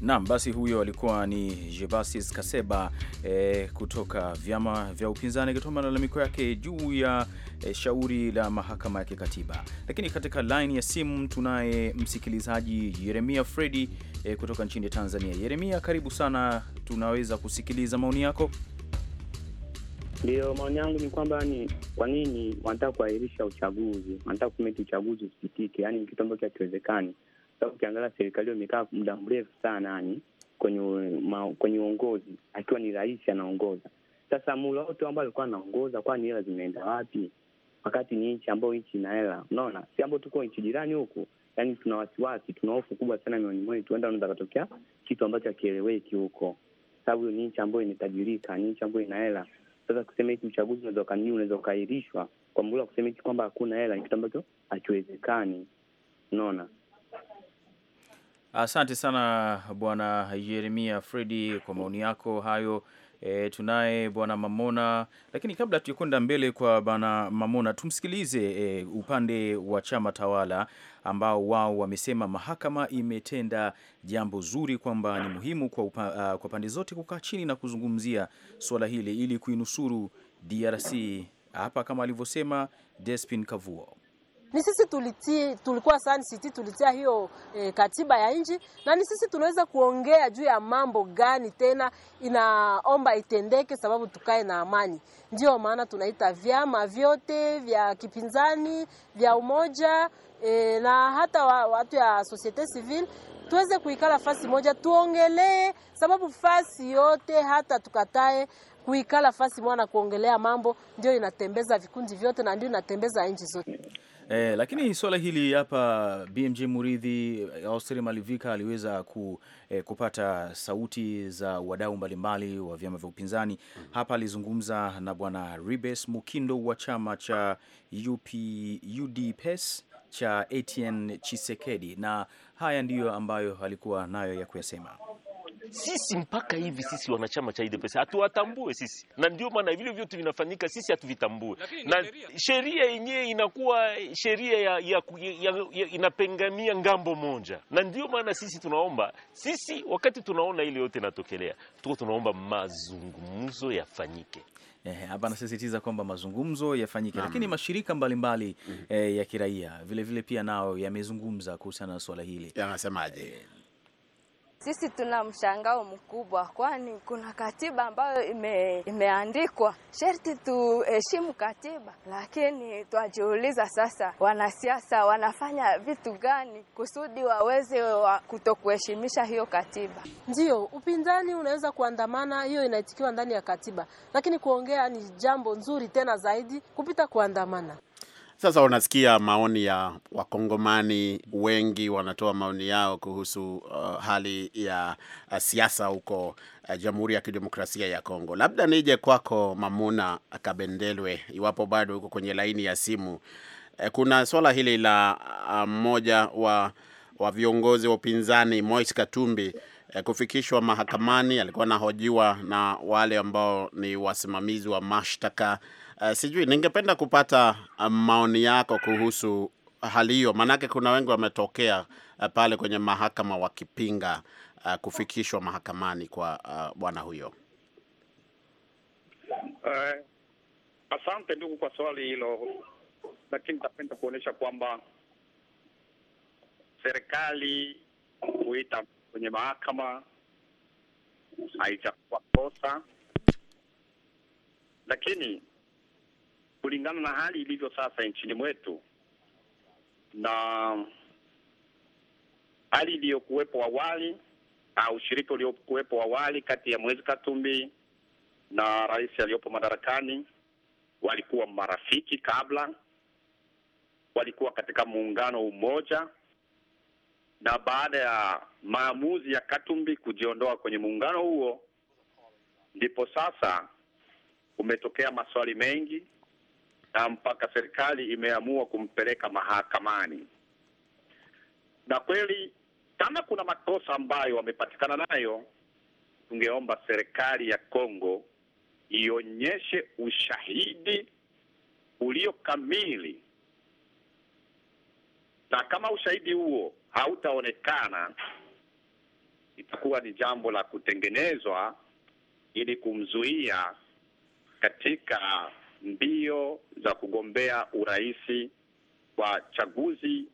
Naam, basi huyo alikuwa ni Jebasis Kaseba eh, kutoka vyama vya upinzani akitoa malalamiko yake juu ya eh, shauri la mahakama ya kikatiba. Lakini katika laini ya simu tunaye msikilizaji Yeremia Fredi eh, kutoka nchini Tanzania. Yeremia, karibu sana, tunaweza kusikiliza maoni yako. Ndio, maoni yangu ni kwamba ni kwa nini wanataka kuahirisha uchaguzi, wanataka kumeti uchaguzi usipitike, yaani kitu ambacho hakiwezekani sababu ukiangalia serikali hiyo imekaa muda mrefu sana yani kwenye ma, kwenye uongozi, akiwa ni rais anaongoza. Sasa mula wote ambao alikuwa anaongoza, kwani hela zimeenda wapi? Wakati ni nchi ambayo nchi ina hela, unaona, si ambao tuko nchi jirani huku. Yani tuna wasiwasi, tuna hofu kubwa sana mioni mwetu, enda unaweza katokea kitu ambacho hakieleweki huko, sababu ni nchi ambayo imetajirika, ni nchi ambayo ina hela. Sasa kusema hiki uchaguzi unaweza ukanii, unaweza ukaahirishwa kwa mula, kusema hiki kwamba hakuna hela ni kitu ambacho hakiwezekani, unaona. Asante sana bwana Yeremia Fredi kwa maoni yako hayo. E, tunaye bwana Mamona, lakini kabla tujakwenda mbele kwa bwana Mamona tumsikilize e, upande wa chama tawala ambao wao wamesema mahakama imetenda jambo zuri, kwamba ni muhimu kwa, upa, a, kwa pande zote kukaa chini na kuzungumzia suala hili ili kuinusuru DRC hapa, kama alivyosema Despin Kavuo. Ni sisi tuliti, tulikuwa sana sisi tulitia hiyo e, katiba ya nchi, na ni sisi tuliweza kuongea juu ya mambo gani tena inaomba itendeke, sababu tukae na amani. Ndio maana tunaita vyama vyote vya kipinzani vya umoja e, na hata wa, watu ya societe civile tuweze kuikala fasi moja tuongelee, sababu fasi yote hata tukatae kuikala fasi moja na kuongelea mambo, ndio inatembeza vikundi vyote na ndio inatembeza nchi zote. Eh, lakini swala hili hapa BMJ Muridhi, eh, Austeri Malivika aliweza ku, eh, kupata sauti za wadau mbalimbali wa vyama vya upinzani mm -hmm. Hapa alizungumza na bwana Ribes Mukindo wa chama cha UP, UDPS e cha ATN Chisekedi na haya ndiyo ambayo alikuwa nayo ya kuyasema. Sisi mpaka hivi sisi wanachama cha UDPS hatuwatambue sisi, na ndio maana vile vyote vinafanyika sisi hatuvitambue, na sheria yenyewe inakuwa sheria ya, ya, ya, ya, inapengamia ngambo moja, na ndio maana sisi tunaomba sisi, wakati tunaona ile yote inatokelea, tuko tunaomba mazungumzo yafanyike. Ehe, hapa anasisitiza kwamba mazungumzo yafanyike, lakini mashirika mbalimbali mbali, mm -hmm. Eh, ya kiraia vilevile pia nao yamezungumza kuhusiana na swala hili, yanasemaje? Eh, sisi tuna mshangao mkubwa, kwani kuna katiba ambayo ime, imeandikwa sherti tuheshimu katiba, lakini twajiuliza sasa, wanasiasa wanafanya vitu gani kusudi waweze wa kutokuheshimisha hiyo katiba? Ndio upinzani unaweza kuandamana, hiyo inaitikiwa ndani ya katiba, lakini kuongea ni jambo nzuri tena zaidi kupita kuandamana. Sasa unasikia maoni ya Wakongomani wengi wanatoa maoni yao kuhusu uh, hali ya uh, siasa huko uh, Jamhuri ya Kidemokrasia ya Kongo. Labda nije kwako Mamuna Kabendelwe, iwapo bado huko kwenye laini ya simu. Eh, kuna swala hili la uh, mmoja uh, wa, wa viongozi wa upinzani Moise Katumbi eh, kufikishwa mahakamani. Alikuwa anahojiwa na wale ambao ni wasimamizi wa mashtaka Uh, sijui ningependa kupata eh, maoni yako kuhusu hali hiyo, maanake kuna wengi wametokea uh, pale kwenye mahakama wakipinga uh, kufikishwa mahakamani kwa uh, bwana huyo. Uh, asante ndugu kwa swali hilo, lakini napenda kuonyesha kwamba serikali kuita kwenye mahakama haijakuwa kosa, lakini kulingana na hali ilivyo sasa nchini mwetu na hali iliyokuwepo awali na ushirika uliokuwepo awali kati ya Mwezi Katumbi na rais aliyopo madarakani. Walikuwa marafiki kabla, walikuwa katika muungano umoja, na baada ya maamuzi ya Katumbi kujiondoa kwenye muungano huo, ndipo sasa umetokea maswali mengi na mpaka serikali imeamua kumpeleka mahakamani. Na kweli kama kuna makosa ambayo wamepatikana nayo, tungeomba serikali ya Kongo ionyeshe ushahidi ulio kamili, na kama ushahidi huo hautaonekana itakuwa ni jambo la kutengenezwa ili kumzuia katika mbio za kugombea urais wa chaguzi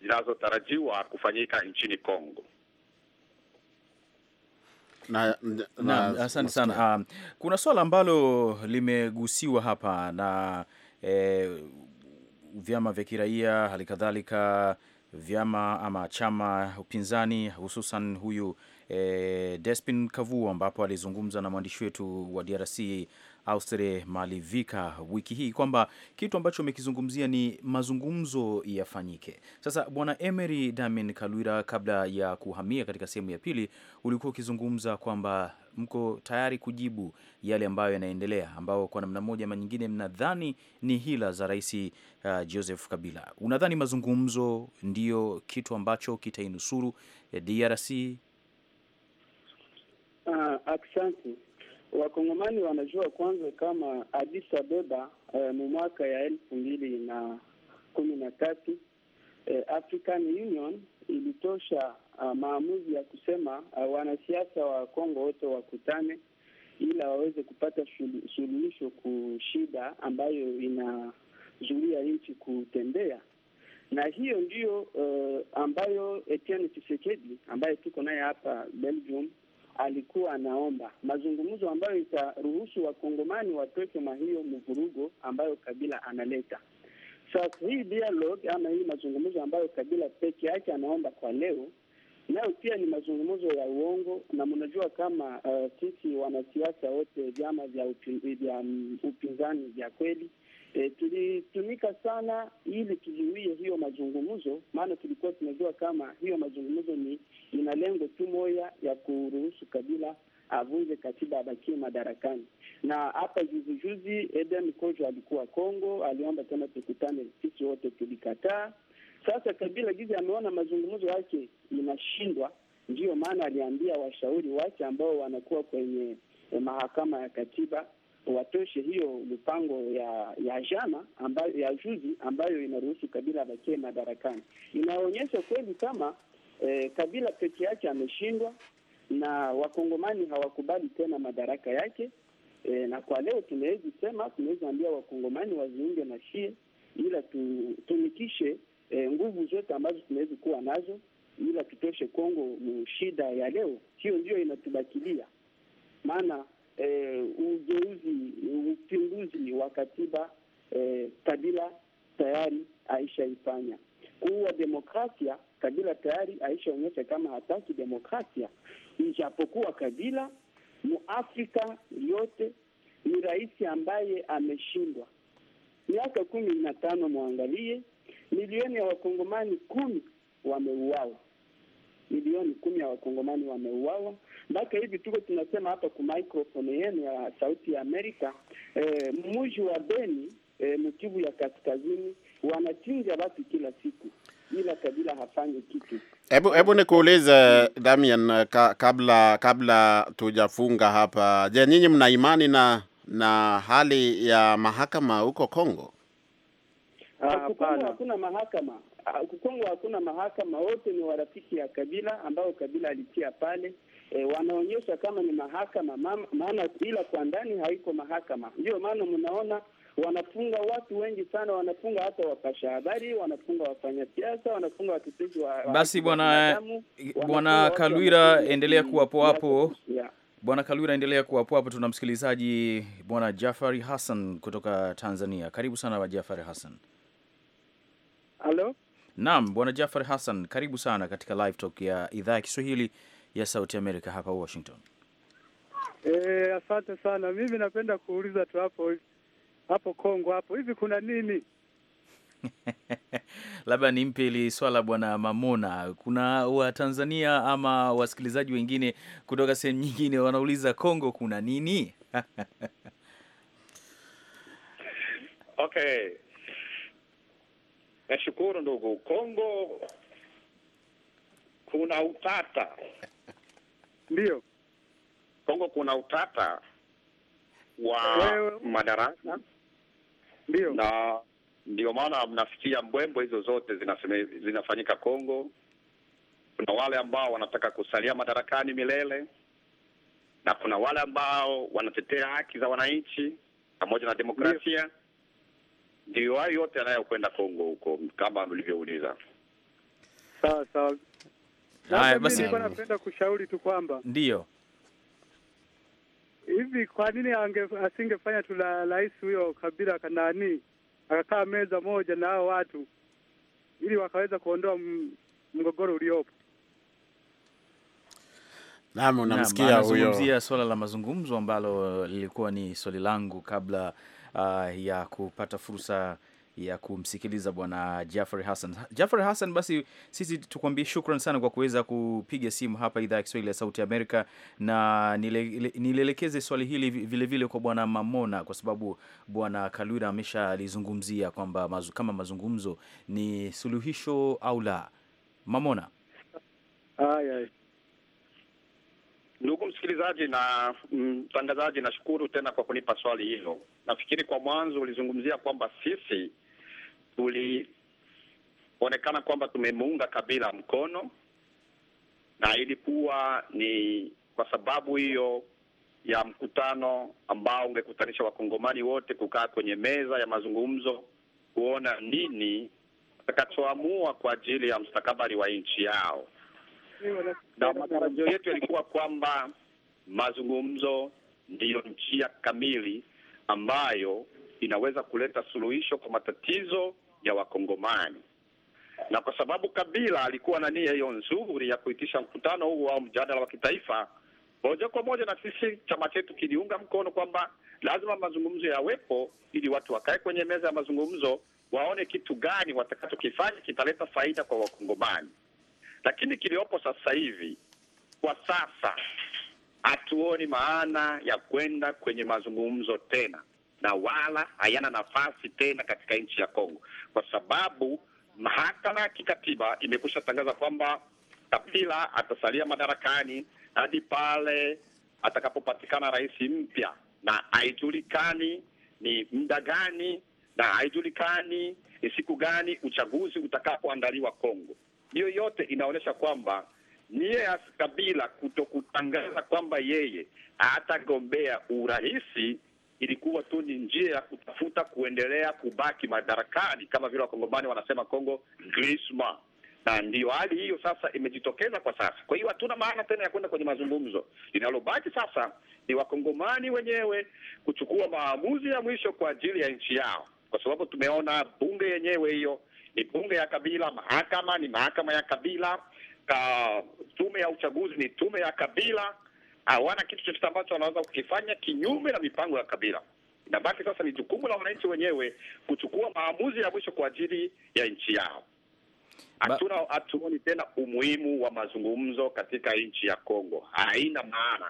zinazotarajiwa kufanyika nchini Kongo. Na, na, na, asante sana. Uh, kuna swala ambalo limegusiwa hapa na eh, vyama vya kiraia hali kadhalika vyama ama chama upinzani hususan huyu eh, Despin Kavu ambapo alizungumza na mwandishi wetu wa DRC Austere Malivika wiki hii kwamba kitu ambacho amekizungumzia ni mazungumzo yafanyike. Sasa Bwana Emery Damin Kalwira, kabla ya kuhamia katika sehemu ya pili, ulikuwa ukizungumza kwamba mko tayari kujibu yale ambayo yanaendelea, ambao kwa namna moja ama nyingine mnadhani ni hila za Rais uh, Joseph Kabila. Unadhani mazungumzo ndiyo kitu ambacho kitainusuru eh, DRC? Uh, ah, asante. Wakongomani wanajua kwanza kama Addis Ababa eh, mu mwaka ya elfu mbili na kumi na tatu eh, African Union ilitosha ah, maamuzi ya kusema ah, wanasiasa wa Kongo wote wakutane ila waweze kupata suluhisho kushida ambayo inazuia nchi kutembea, na hiyo ndiyo uh, ambayo Etienne Tshisekedi ambaye tuko naye hapa Belgium alikuwa anaomba mazungumzo ambayo itaruhusu wakongomani watoke mwa hiyo mvurugo ambayo Kabila analeta. Sasa hii dialogue ama hii mazungumzo ambayo Kabila peke yake anaomba kwa leo, nayo pia ni mazungumzo ya uongo, na mnajua kama uh, sisi wanasiasa wote vyama vya mm, upinzani vya kweli E, tulitumika sana ili tuzuie hiyo mazungumzo, maana tulikuwa tunajua kama hiyo mazungumzo ni ina lengo tu moya ya kuruhusu Kabila avunje katiba, abakie madarakani. Na hapa juzi juzi Eden Kojo alikuwa Kongo, aliomba tena tukutane, sisi wote tulikataa. Sasa Kabila gizi ameona mazungumzo yake inashindwa, ndiyo maana aliambia washauri wake ambao wanakuwa kwenye eh, mahakama ya katiba watoshe hiyo mipango ya ya jana ambayo, ya juzi ambayo inaruhusu Kabila abakie madarakani. Inaonyesha kweli kama E, Kabila peke yake ameshindwa na wakongomani hawakubali tena madaraka yake. E, na kwa leo tunaweza sema tunaweza ambia wakongomani waziunge na shie, ila tumikishe e, nguvu zote ambazo tunawezi kuwa nazo, ila tutoshe Kongo shida ya leo. Hiyo ndio inatubakilia, maana e, ugeuzi upinduzi wa katiba e, Kabila tayari aishaifanya kuua demokrasia Kabila tayari aishaonyesha kama hataki demokrasia, ijapokuwa Kabila muafrika yote ni rais ambaye ameshindwa miaka kumi na tano. Mwangalie milioni ya wakongomani kumi wameuawa, milioni kumi ya wakongomani wameuawa mpaka hivi tuko tunasema hapa ku microphone yenu ya Sauti ya Amerika. E, mji wa Beni e, eh, mkivu ya kaskazini wanachinja watu kila siku ila Kabila hafanyi kitu. Hebu hebu nikuulize Damian, ka, kabla kabla tujafunga hapa, je, nyinyi mna imani na na hali ya mahakama huko Kongo? Ah, hakuna mahakama ah, Kongo hakuna mahakama, wote ni warafiki ya Kabila ambao Kabila alitia pale e, wanaonyesha kama ni mahakama maana, ila kwa ndani haiko mahakama. Ndiyo maana mnaona wanafunga watu wengi sana, wanafunga hata wapasha habari, wanafunga wafanya siasa, wanafunga watetezi wa basi. Bwana eh, Bwana Kalwira, endelea mm, kuwapo hapo. Bwana Kalwira, endelea kuwapo hapo. Tuna msikilizaji Bwana Jafari Hassan kutoka Tanzania. Karibu sana wa Jafari Hassan. Halo, naam Bwana Jafari Hassan, karibu sana katika live talk ya idhaa ya Kiswahili ya Sauti Amerika hapa Washington. E, asante sana. Mimi napenda kuuliza tu hapo hivi hapo Kongo hapo, hivi kuna nini? Labda nimpe ili swala Bwana Mamona. Kuna Watanzania ama wasikilizaji wengine kutoka sehemu nyingine wanauliza Kongo kuna nini? Okay, nashukuru ndugu. Kongo kuna utata, ndiyo. Kongo kuna utata wa madaraka Ndiyo. na ndio maana mnafikia mbwembo hizo zote zinaseme, zinafanyika Kongo. Kuna wale ambao wanataka kusalia madarakani milele na kuna wale ambao wanatetea haki za wananchi pamoja na demokrasia. Ndiyo hayo yote yanayokwenda Kongo huko kama mlivyouliza. Sawa sawa, basi napenda kushauri tu kwamba ndiyo hivi kwa nini asingefanya tu rais huyo Kabila kanani akakaa meza moja na hao watu ili wakaweza kuondoa mgogoro uliopo? Naam, unamsikia huyo anazungumzia swala la mazungumzo ambalo eh, lilikuwa ni swali langu kabla uh, ya kupata fursa ya kumsikiliza bwana Jafari Hassan. Jafari Hassan, basi sisi tukwambie shukran sana kwa kuweza kupiga simu hapa idhaa ya Kiswahili ya Sauti Amerika, na nile, nilielekeze swali hili vilevile vile kwa bwana Mamona, kwa sababu bwana Kalwira ameshalizungumzia kwamba mazu, kama mazungumzo ni suluhisho au la. Mamona. ay. ndugu msikilizaji na mm, mtangazaji, nashukuru tena kwa kunipa swali hilo. Nafikiri kwa mwanzo ulizungumzia kwamba sisi tulionekana kwamba tumemuunga Kabila mkono, na ilikuwa ni kwa sababu hiyo ya mkutano ambao ungekutanisha wakongomani wote kukaa kwenye meza ya mazungumzo kuona nini atakachoamua kwa ajili ya mstakabali wa nchi yao. Na matarajio yetu yalikuwa kwamba mazungumzo ndiyo njia kamili ambayo inaweza kuleta suluhisho kwa matatizo ya Wakongomani, na kwa sababu Kabila alikuwa na nia hiyo nzuri ya kuitisha mkutano huo au mjadala wa kitaifa, moja kwa moja na sisi chama chetu kiliunga mkono kwamba lazima mazungumzo yawepo, ili watu wakae kwenye meza ya mazungumzo, waone kitu gani watakachokifanya kitaleta faida kwa Wakongomani. Lakini kiliopo sasa hivi, kwa sasa hatuoni maana ya kwenda kwenye mazungumzo tena na wala hayana nafasi tena katika nchi ya Kongo, kwa sababu mahakama ya kikatiba imekusha tangaza kwamba Kabila atasalia madarakani hadi pale atakapopatikana rais mpya, na haijulikani ni muda gani na haijulikani ni siku gani uchaguzi utakapoandaliwa Kongo. Hiyo yote inaonyesha kwamba nia ya Kabila kutokutangaza kwamba yeye atagombea urahisi ilikuwa tu ni njia ya kutafuta kuendelea kubaki madarakani, kama vile wakongomani wanasema Kongo grisma, na ndiyo hali hiyo sasa imejitokeza kwa sasa. Kwa hiyo hatuna maana tena ya kwenda kwenye mazungumzo. Linalobaki sasa ni wakongomani wenyewe kuchukua maamuzi ya mwisho kwa ajili ya nchi yao, kwa sababu tumeona bunge yenyewe hiyo ni bunge ya kabila, mahakama ni mahakama ya kabila, ka tume ya uchaguzi ni tume ya kabila hawana kitu chochote ambacho wanaweza kukifanya kinyume na mipango ya Kabila. Inabaki sasa ni jukumu la wananchi wenyewe kuchukua maamuzi ya mwisho kwa ajili ya nchi yao. Hatuna, hatuoni tena umuhimu wa mazungumzo katika nchi ya Kongo, haina maana.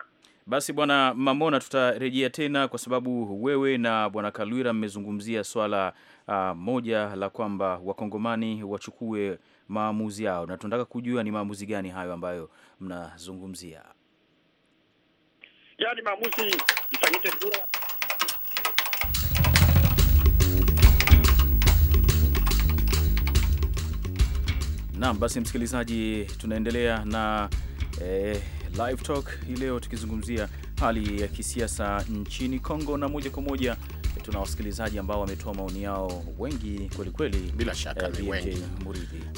Basi Bwana Mamona, tutarejea tena kwa sababu wewe na Bwana Kalwira mmezungumzia swala uh, moja la kwamba wakongomani wachukue maamuzi yao, na tunataka kujua ni maamuzi gani hayo ambayo mnazungumzia yani maamuzi ifanyike kura Naam, basi msikilizaji, tunaendelea na eh, live talk hii leo tukizungumzia hali ya kisiasa nchini Kongo, na moja kwa moja tuna wasikilizaji ambao wametoa maoni yao wengi kwelikweli. Bila shaka eh, ni wengi,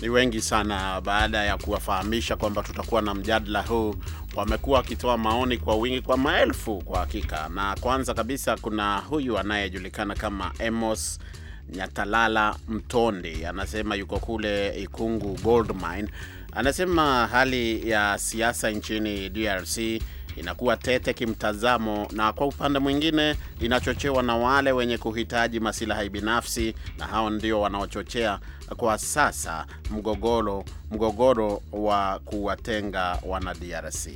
ni wengi sana. Baada ya kuwafahamisha kwamba tutakuwa na mjadala huu, wamekuwa wakitoa maoni kwa wingi, kwa maelfu kwa hakika. Na kwanza kabisa kuna huyu anayejulikana kama Emos Nyatalala Mtondi, anasema yuko kule Ikungu Gold Mine. Anasema hali ya siasa nchini DRC inakuwa tete kimtazamo, na kwa upande mwingine inachochewa na wale wenye kuhitaji masilahi binafsi, na hao ndio wanaochochea kwa sasa mgogoro mgogoro wa kuwatenga wana DRC.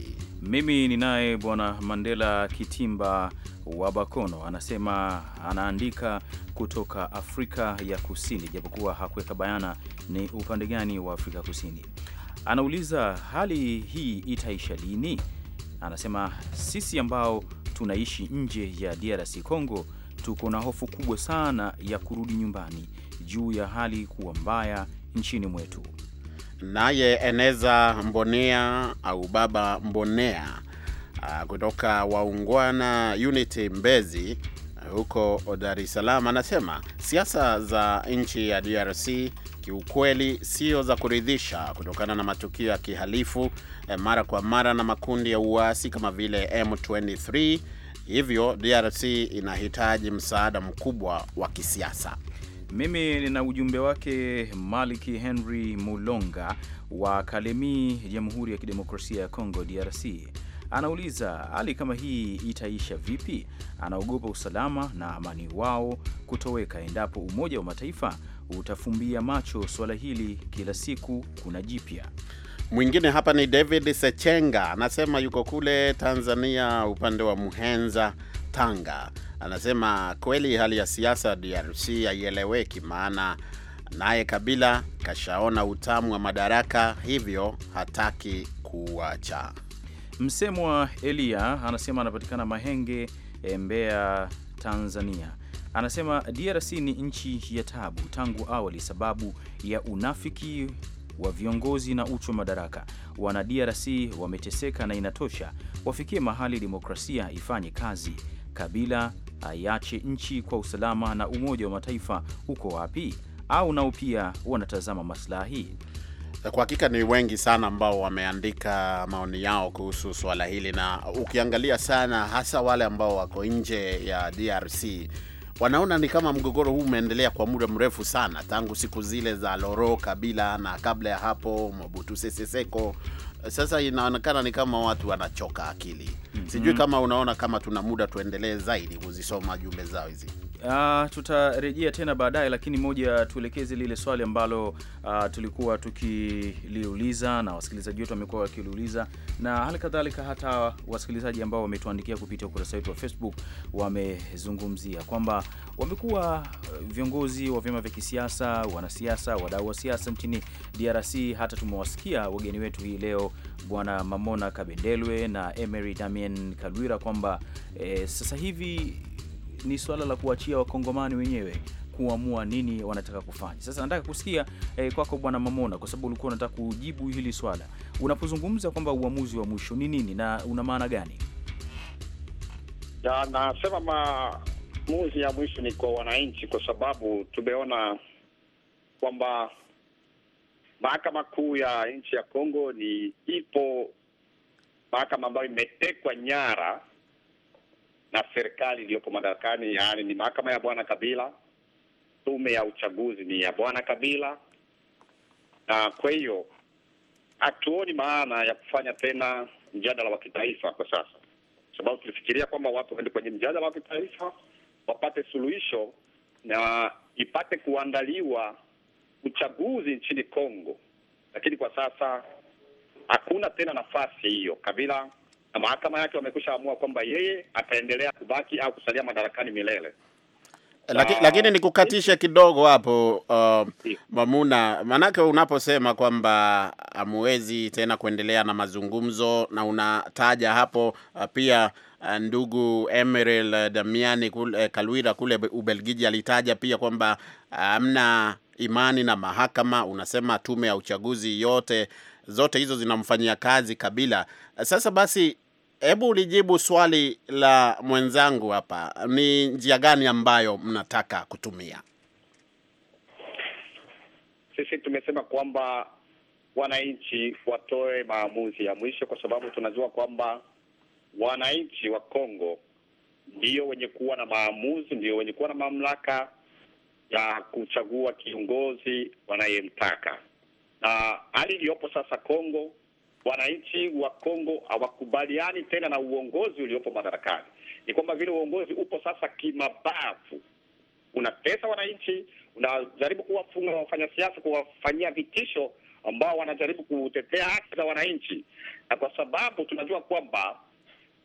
Mimi ninaye Bwana Mandela Kitimba wa Bakono, anasema anaandika kutoka Afrika ya Kusini, japokuwa hakuweka bayana ni upande gani wa Afrika Kusini. Anauliza hali hii itaisha lini? anasema sisi ambao tunaishi nje ya DRC Congo tuko na hofu kubwa sana ya kurudi nyumbani juu ya hali kuwa mbaya nchini mwetu. Naye Eneza Mbonea au Baba Mbonea ah, kutoka Waungwana Unity Mbezi huko Dar es Salaam anasema siasa za nchi ya DRC kiukweli sio za kuridhisha kutokana na matukio ya kihalifu eh, mara kwa mara na makundi ya uasi kama vile M23. Hivyo DRC inahitaji msaada mkubwa wa kisiasa. Mimi nina ujumbe wake Maliki Henry Mulonga wa Kalemi, Jamhuri ya Kidemokrasia ya Kongo, DRC. Anauliza hali kama hii itaisha vipi? Anaogopa usalama na amani wao kutoweka endapo Umoja wa Mataifa utafumbia macho suala hili, kila siku kuna jipya. Mwingine hapa ni David Sechenga, anasema yuko kule Tanzania, upande wa Muhenza, Tanga. Anasema kweli hali ya siasa DRC haieleweki, maana naye Kabila kashaona utamu wa madaraka, hivyo hataki kuacha. Msemwa Elia anasema anapatikana Mahenge, Mbeya, Tanzania. Anasema DRC ni nchi ya tabu tangu awali, sababu ya unafiki wa viongozi na uchu wa madaraka. Wana DRC wameteseka na inatosha, wafikie mahali demokrasia ifanye kazi. Kabila aiache nchi kwa usalama, na Umoja wa Mataifa uko wapi? Au nao pia wanatazama maslahi? Kwa hakika ni wengi sana ambao wameandika maoni yao kuhusu swala hili, na ukiangalia sana, hasa wale ambao wako nje ya DRC wanaona ni kama mgogoro huu umeendelea kwa muda mrefu sana, tangu siku zile za Loro Kabila na kabla ya hapo Mobutu Sese Seko sasa inaonekana ni kama watu wanachoka akili. mm -hmm. Sijui kama unaona kama tuna muda tuendelee zaidi kuzisoma jumbe zao hizi. Uh, tutarejea tena baadaye, lakini moja tuelekeze lile swali ambalo uh, tulikuwa tukiliuliza na wasikilizaji wetu wamekuwa wakiliuliza, na hali kadhalika hata wasikilizaji ambao wametuandikia kupitia ukurasa wetu wa Facebook wamezungumzia kwamba wamekuwa viongozi wa vyama vya kisiasa, wanasiasa, wadau wa siasa nchini DRC. Hata tumewasikia wageni wetu hii leo bwana Mamona Kabendelwe na Emery Damien Kalwira kwamba e, sasa hivi ni suala la kuachia wakongomani wenyewe kuamua nini wanataka kufanya. Sasa nataka kusikia e, kwako bwana Mamona, kwa sababu ulikuwa unataka kujibu hili swala. Unapozungumza kwamba uamuzi wa mwisho ni nini na una maana gani? Ya, nasema maamuzi ya mwisho ni kwa wananchi, kwa sababu tumeona kwamba Mahakama Kuu ya nchi ya Kongo ni ipo mahakama ambayo imetekwa nyara na serikali iliyopo madarakani, yaani ni mahakama ya bwana Kabila. Tume ya uchaguzi ni ya bwana Kabila, na kwa hiyo hatuoni maana ya kufanya tena mjadala wa kitaifa kwa sasa, sababu tulifikiria kwamba watu waende kwenye mjadala wa kitaifa wapate suluhisho na ipate kuandaliwa uchaguzi nchini Kongo, lakini kwa sasa hakuna tena nafasi hiyo. Kabila na mahakama yake wamekwisha amua kwamba yeye ataendelea kubaki au kusalia madarakani milele. Laki, lakini nikukatishe kidogo hapo uh, Mamuna, maanake unaposema kwamba hamwezi tena kuendelea na mazungumzo na unataja hapo uh, pia uh, ndugu Emeril uh, Damiani kule, uh, Kalwira kule Ubelgiji alitaja pia kwamba amna uh, imani na mahakama, unasema tume ya uchaguzi yote zote hizo zinamfanyia kazi Kabila. Sasa basi, hebu ulijibu swali la mwenzangu hapa, ni njia gani ambayo mnataka kutumia? Sisi tumesema kwamba wananchi watoe maamuzi ya mwisho, kwa sababu tunajua kwamba wananchi wa Kongo ndio wenye kuwa na maamuzi, ndio wenye kuwa na mamlaka ya kuchagua kiongozi wanayemtaka, na hali iliyopo sasa Kongo, wananchi wa Kongo hawakubaliani tena na uongozi uliopo madarakani. Ni kwamba vile uongozi upo sasa kimabavu, unatesa wananchi, unajaribu kuwafunga wafanya siasa kuwafanyia vitisho ambao wanajaribu kutetea haki za wananchi, na kwa sababu tunajua kwamba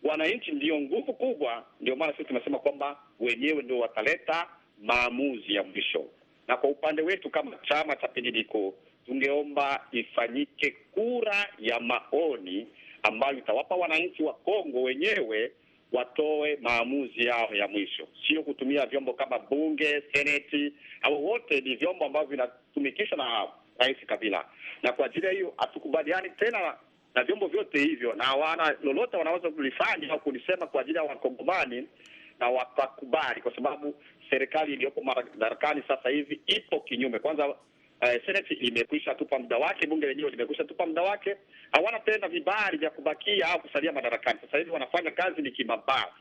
wananchi ndiyo nguvu kubwa, ndio maana sisi tumesema kwamba wenyewe ndio wataleta maamuzi ya mwisho. Na kwa upande wetu kama chama cha PEDEDECO tungeomba ifanyike kura ya maoni ambayo itawapa wananchi wa Kongo wenyewe watoe maamuzi yao ya mwisho, sio kutumia vyombo kama bunge, seneti au wote ni vyombo ambavyo vinatumikishwa na Rais Kabila. Na kwa ajili ya hiyo hatukubaliani tena na vyombo vyote hivyo, na wana lolote wanaweza kulifanya au kulisema kwa ajili ya Wakongomani na watakubali, kwa sababu serikali iliyopo madarakani sasa hivi ipo kinyume. Kwanza uh, Seneti imekwisha tupa muda wake, bunge lenyewe limekwisha tupa muda wake. Hawana tena vibali vya kubakia au kusalia madarakani. Sasa hivi wanafanya kazi ni kimabavu,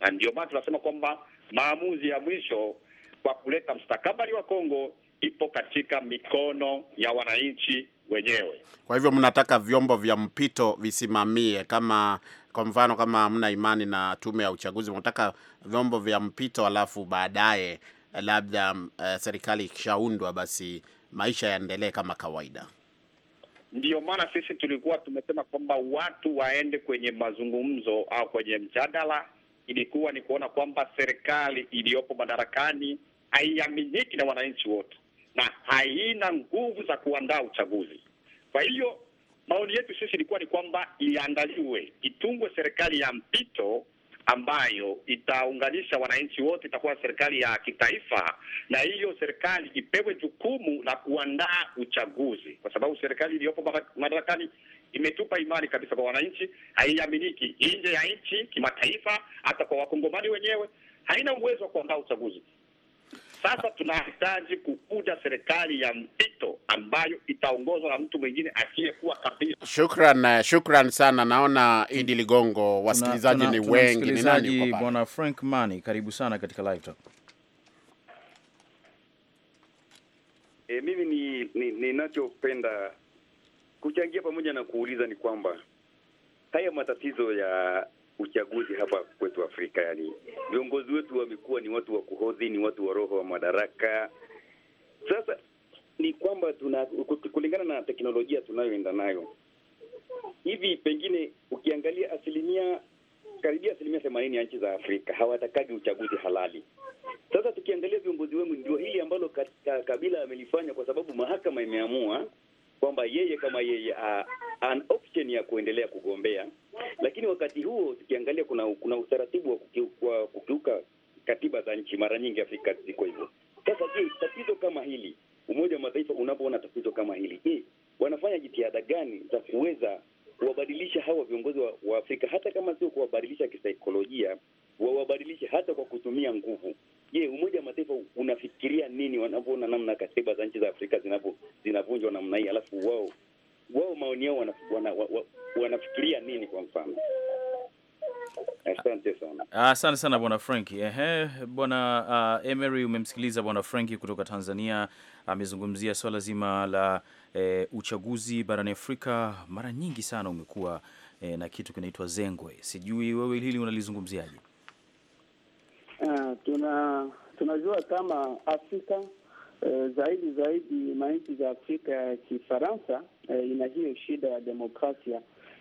na ndio maana tunasema kwamba maamuzi ya mwisho kwa kuleta mstakabali wa Kongo ipo katika mikono ya wananchi wenyewe. Kwa hivyo mnataka vyombo vya mpito visimamie kama kwa mfano kama hamna imani na tume ya uchaguzi, mnataka vyombo vya mpito, alafu baadaye eh, labda uh, serikali ikishaundwa, basi maisha yaendelee kama kawaida. Ndiyo maana sisi tulikuwa tumesema kwamba watu waende kwenye mazungumzo au kwenye mjadala, ilikuwa ni kuona kwamba serikali iliyopo madarakani haiaminiki na wananchi wote na haina nguvu za kuandaa uchaguzi. Kwa hiyo Maoni yetu sisi ilikuwa ni kwamba iandaliwe, itungwe serikali ya mpito ambayo itaunganisha wananchi wote, itakuwa serikali ya kitaifa, na hiyo serikali ipewe jukumu la kuandaa uchaguzi, kwa sababu serikali iliyopo madarakani imetupa imani kabisa kwa wananchi, haiaminiki nje ya nchi, kimataifa, hata kwa wakongomani wenyewe, haina uwezo wa kuandaa uchaguzi. Sasa tunahitaji kukuja serikali ya mpito Kristo ambayo itaongozwa na mtu mwingine asiyekuwa kabisa. Shukran, eh, shukran sana. Naona Idi Ligongo, wasikilizaji ni wengi. Ni nani? Bwana Frank Mani, karibu sana katika live talk. E, mimi ni ninachopenda ni kuchangia pamoja na kuuliza ni kwamba haya matatizo ya uchaguzi hapa kwetu Afrika, yani viongozi wetu wamekuwa ni watu wa kuhodhi, ni watu wa roho wa madaraka. Sasa ni kwamba tuna kulingana na teknolojia tunayoenda nayo hivi, pengine ukiangalia asilimia karibia asilimia themanini ya nchi za Afrika hawatakagi uchaguzi halali. Sasa tukiangalia viongozi wenu, ndio hili ambalo ka, ka, Kabila amelifanya kwa sababu mahakama imeamua kwamba yeye kama yeye uh, an option ya kuendelea kugombea, lakini wakati huo tukiangalia kuna kuna utaratibu wa kukiuka, kukiuka katiba za nchi mara nyingi Afrika ziko hivyo. Sasa je, tatizo kama hili Umoja wa Mataifa unapoona tatizo kama hili, je, wanafanya jitihada gani za kuweza kuwabadilisha hawa viongozi wa, wa Afrika hata kama sio kuwabadilisha kisaikolojia, wawabadilishe hata kwa kutumia nguvu? Je, Umoja wa Mataifa unafikiria nini wanavoona namna katiba za nchi za Afrika zinavunjwa namna hii, alafu wao wao maoni yao wana, wana, wana, wanafikiria nini? Kwa mfano Asante sana, ah, sana bwana Frank. Ehe, bwana uh, Emery, umemsikiliza bwana Frank kutoka Tanzania. Amezungumzia swala zima la e, uchaguzi barani Afrika. Mara nyingi sana umekuwa e, na kitu kinaitwa zengwe. Sijui wewe hili unalizungumziaje? Uh, tuna tunajua kama Afrika E, zaidi zaidi manchi za Afrika ya Kifaransa e, ina hiyo shida ya demokrasia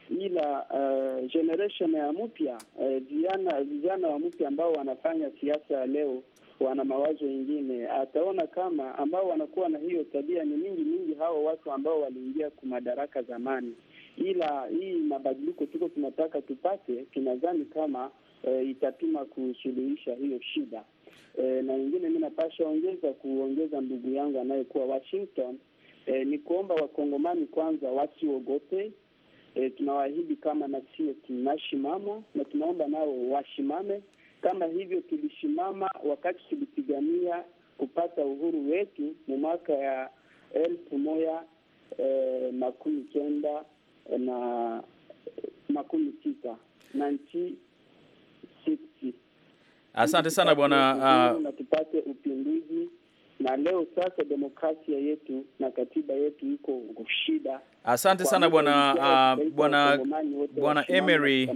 ila uh, generation ya mpya eh, vijana uh, vijana wa mpya ambao wanafanya siasa ya leo wana mawazo mengine, ataona kama ambao wanakuwa na hiyo tabia ni mingi mingi, hao watu ambao waliingia kwa madaraka zamani. Ila hii mabadiliko tuko tunataka tupate, tunadhani kama e, eh, itatuma kusuluhisha hiyo shida e, na wengine, mi napasha ongeza kuongeza ndugu yangu anayekuwa Washington e, ni kuomba wakongomani kwanza wasiogope E, tunawaahidi kama na sio tunashimama na tunaomba nao washimame kama hivyo tulisimama wakati tulipigania kupata uhuru wetu mu mwaka ya elfu moja e, makumi kenda na e, makumi sita na nchi Asante sana bwana, ah, tupate upinduzi na leo sasa demokrasia yetu na katiba yetu iko shida Asante sana bwana ah, bwana bwana Emery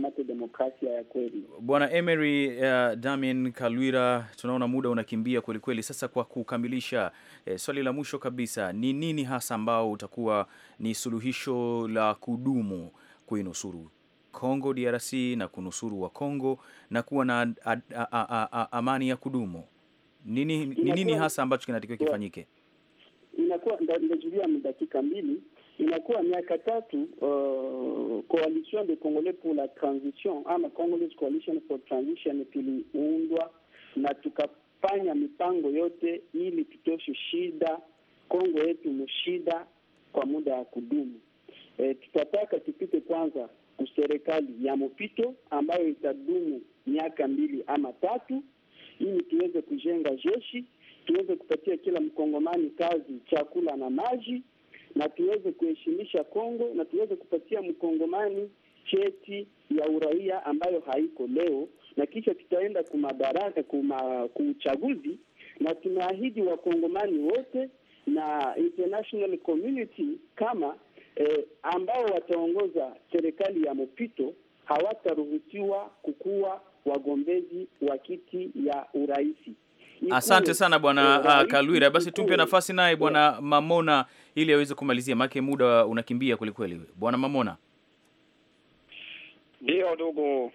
bwana Emery uh, Damien Kalwira, tunaona muda unakimbia kweli kweli. Sasa kwa kukamilisha, eh, swali la mwisho kabisa ni nini hasa ambao utakuwa ni suluhisho la kudumu kuinusuru Kongo DRC na kunusuru wa Kongo na kuwa na a, a, a, a, a, amani ya kudumu? Ni nini hasa ambacho kinatakiwa kifanyike? Inakuwa ndajulia dakika mbili inakuwa miaka tatu uh, Coalition de Congolais pour la Transition ama Congolese Coalition for Transition tuliundwa na tukafanya mipango yote ili tutoshe shida Kongo yetu mshida kwa muda ya kudumu. E, tutataka tupite kwanza kuserikali ya mpito ambayo itadumu miaka mbili ama tatu, ili tuweze kujenga jeshi, tuweze kupatia kila mkongomani kazi, chakula na maji na tuweze kuheshimisha Kongo na tuweze kupatia mkongomani cheti ya uraia ambayo haiko leo, na kisha tutaenda kumadaraka kuma kuuchaguzi, na tunaahidi wakongomani wote na international community kama eh, ambao wataongoza serikali ya mpito hawataruhusiwa kukuwa wagombezi wa kiti ya uraisi. Asante sana bwana uh, Kalwira. Basi tumpe nafasi naye bwana Mamona ili aweze kumalizia, maake muda unakimbia kwelikweli. Bwana Mamona. Ndiyo ndugu,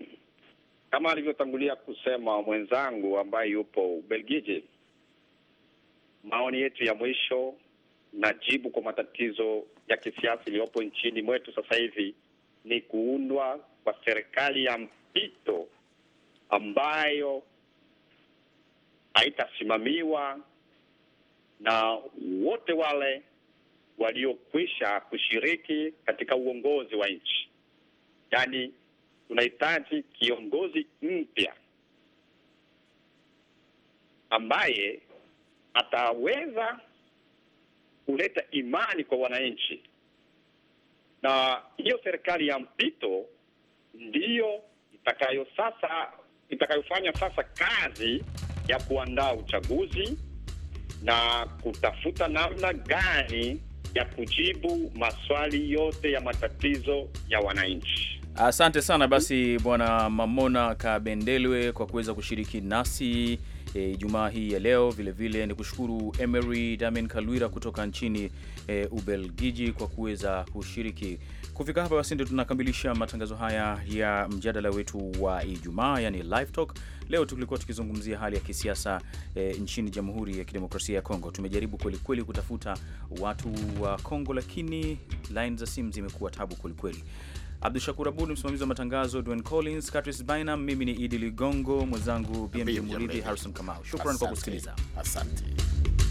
kama alivyotangulia kusema mwenzangu ambaye yupo Ubelgiji, maoni yetu ya mwisho na jibu kwa matatizo ya kisiasa iliyopo nchini mwetu sasa hivi ni kuundwa kwa serikali ya mpito ambayo haitasimamiwa na wote wale waliokwisha kushiriki katika uongozi wa nchi. Yaani, tunahitaji kiongozi mpya ambaye ataweza kuleta imani kwa wananchi, na hiyo serikali ya mpito ndiyo itakayo sasa itakayofanya sasa kazi ya kuandaa uchaguzi na kutafuta namna gani ya kujibu maswali yote ya matatizo ya wananchi. Asante sana basi Bwana Mamona Kabendelwe kwa kuweza kushiriki nasi E, Ijumaa e, hii ya leo. Vilevile ni kushukuru Emery Damin Kalwira kutoka nchini e, Ubelgiji kwa kuweza kushiriki. Kufika hapa basi, ndio tunakamilisha matangazo haya ya mjadala wetu wa Ijumaa, yani live talk. Leo tulikuwa tukizungumzia hali ya kisiasa e, nchini Jamhuri ya Kidemokrasia ya Kongo. Tumejaribu kwelikweli kutafuta watu wa Kongo, lakini lin za simu zimekuwa tabu kwelikweli. Abdu Shakur Abud, msimamizi wa matangazo Dwayne Collins, Catrice Bynam, mimi ni Idi Ligongo, mwenzangu BMJ Muridhi, Harrison Kamau. Shukran kwa kusikiliza, asante.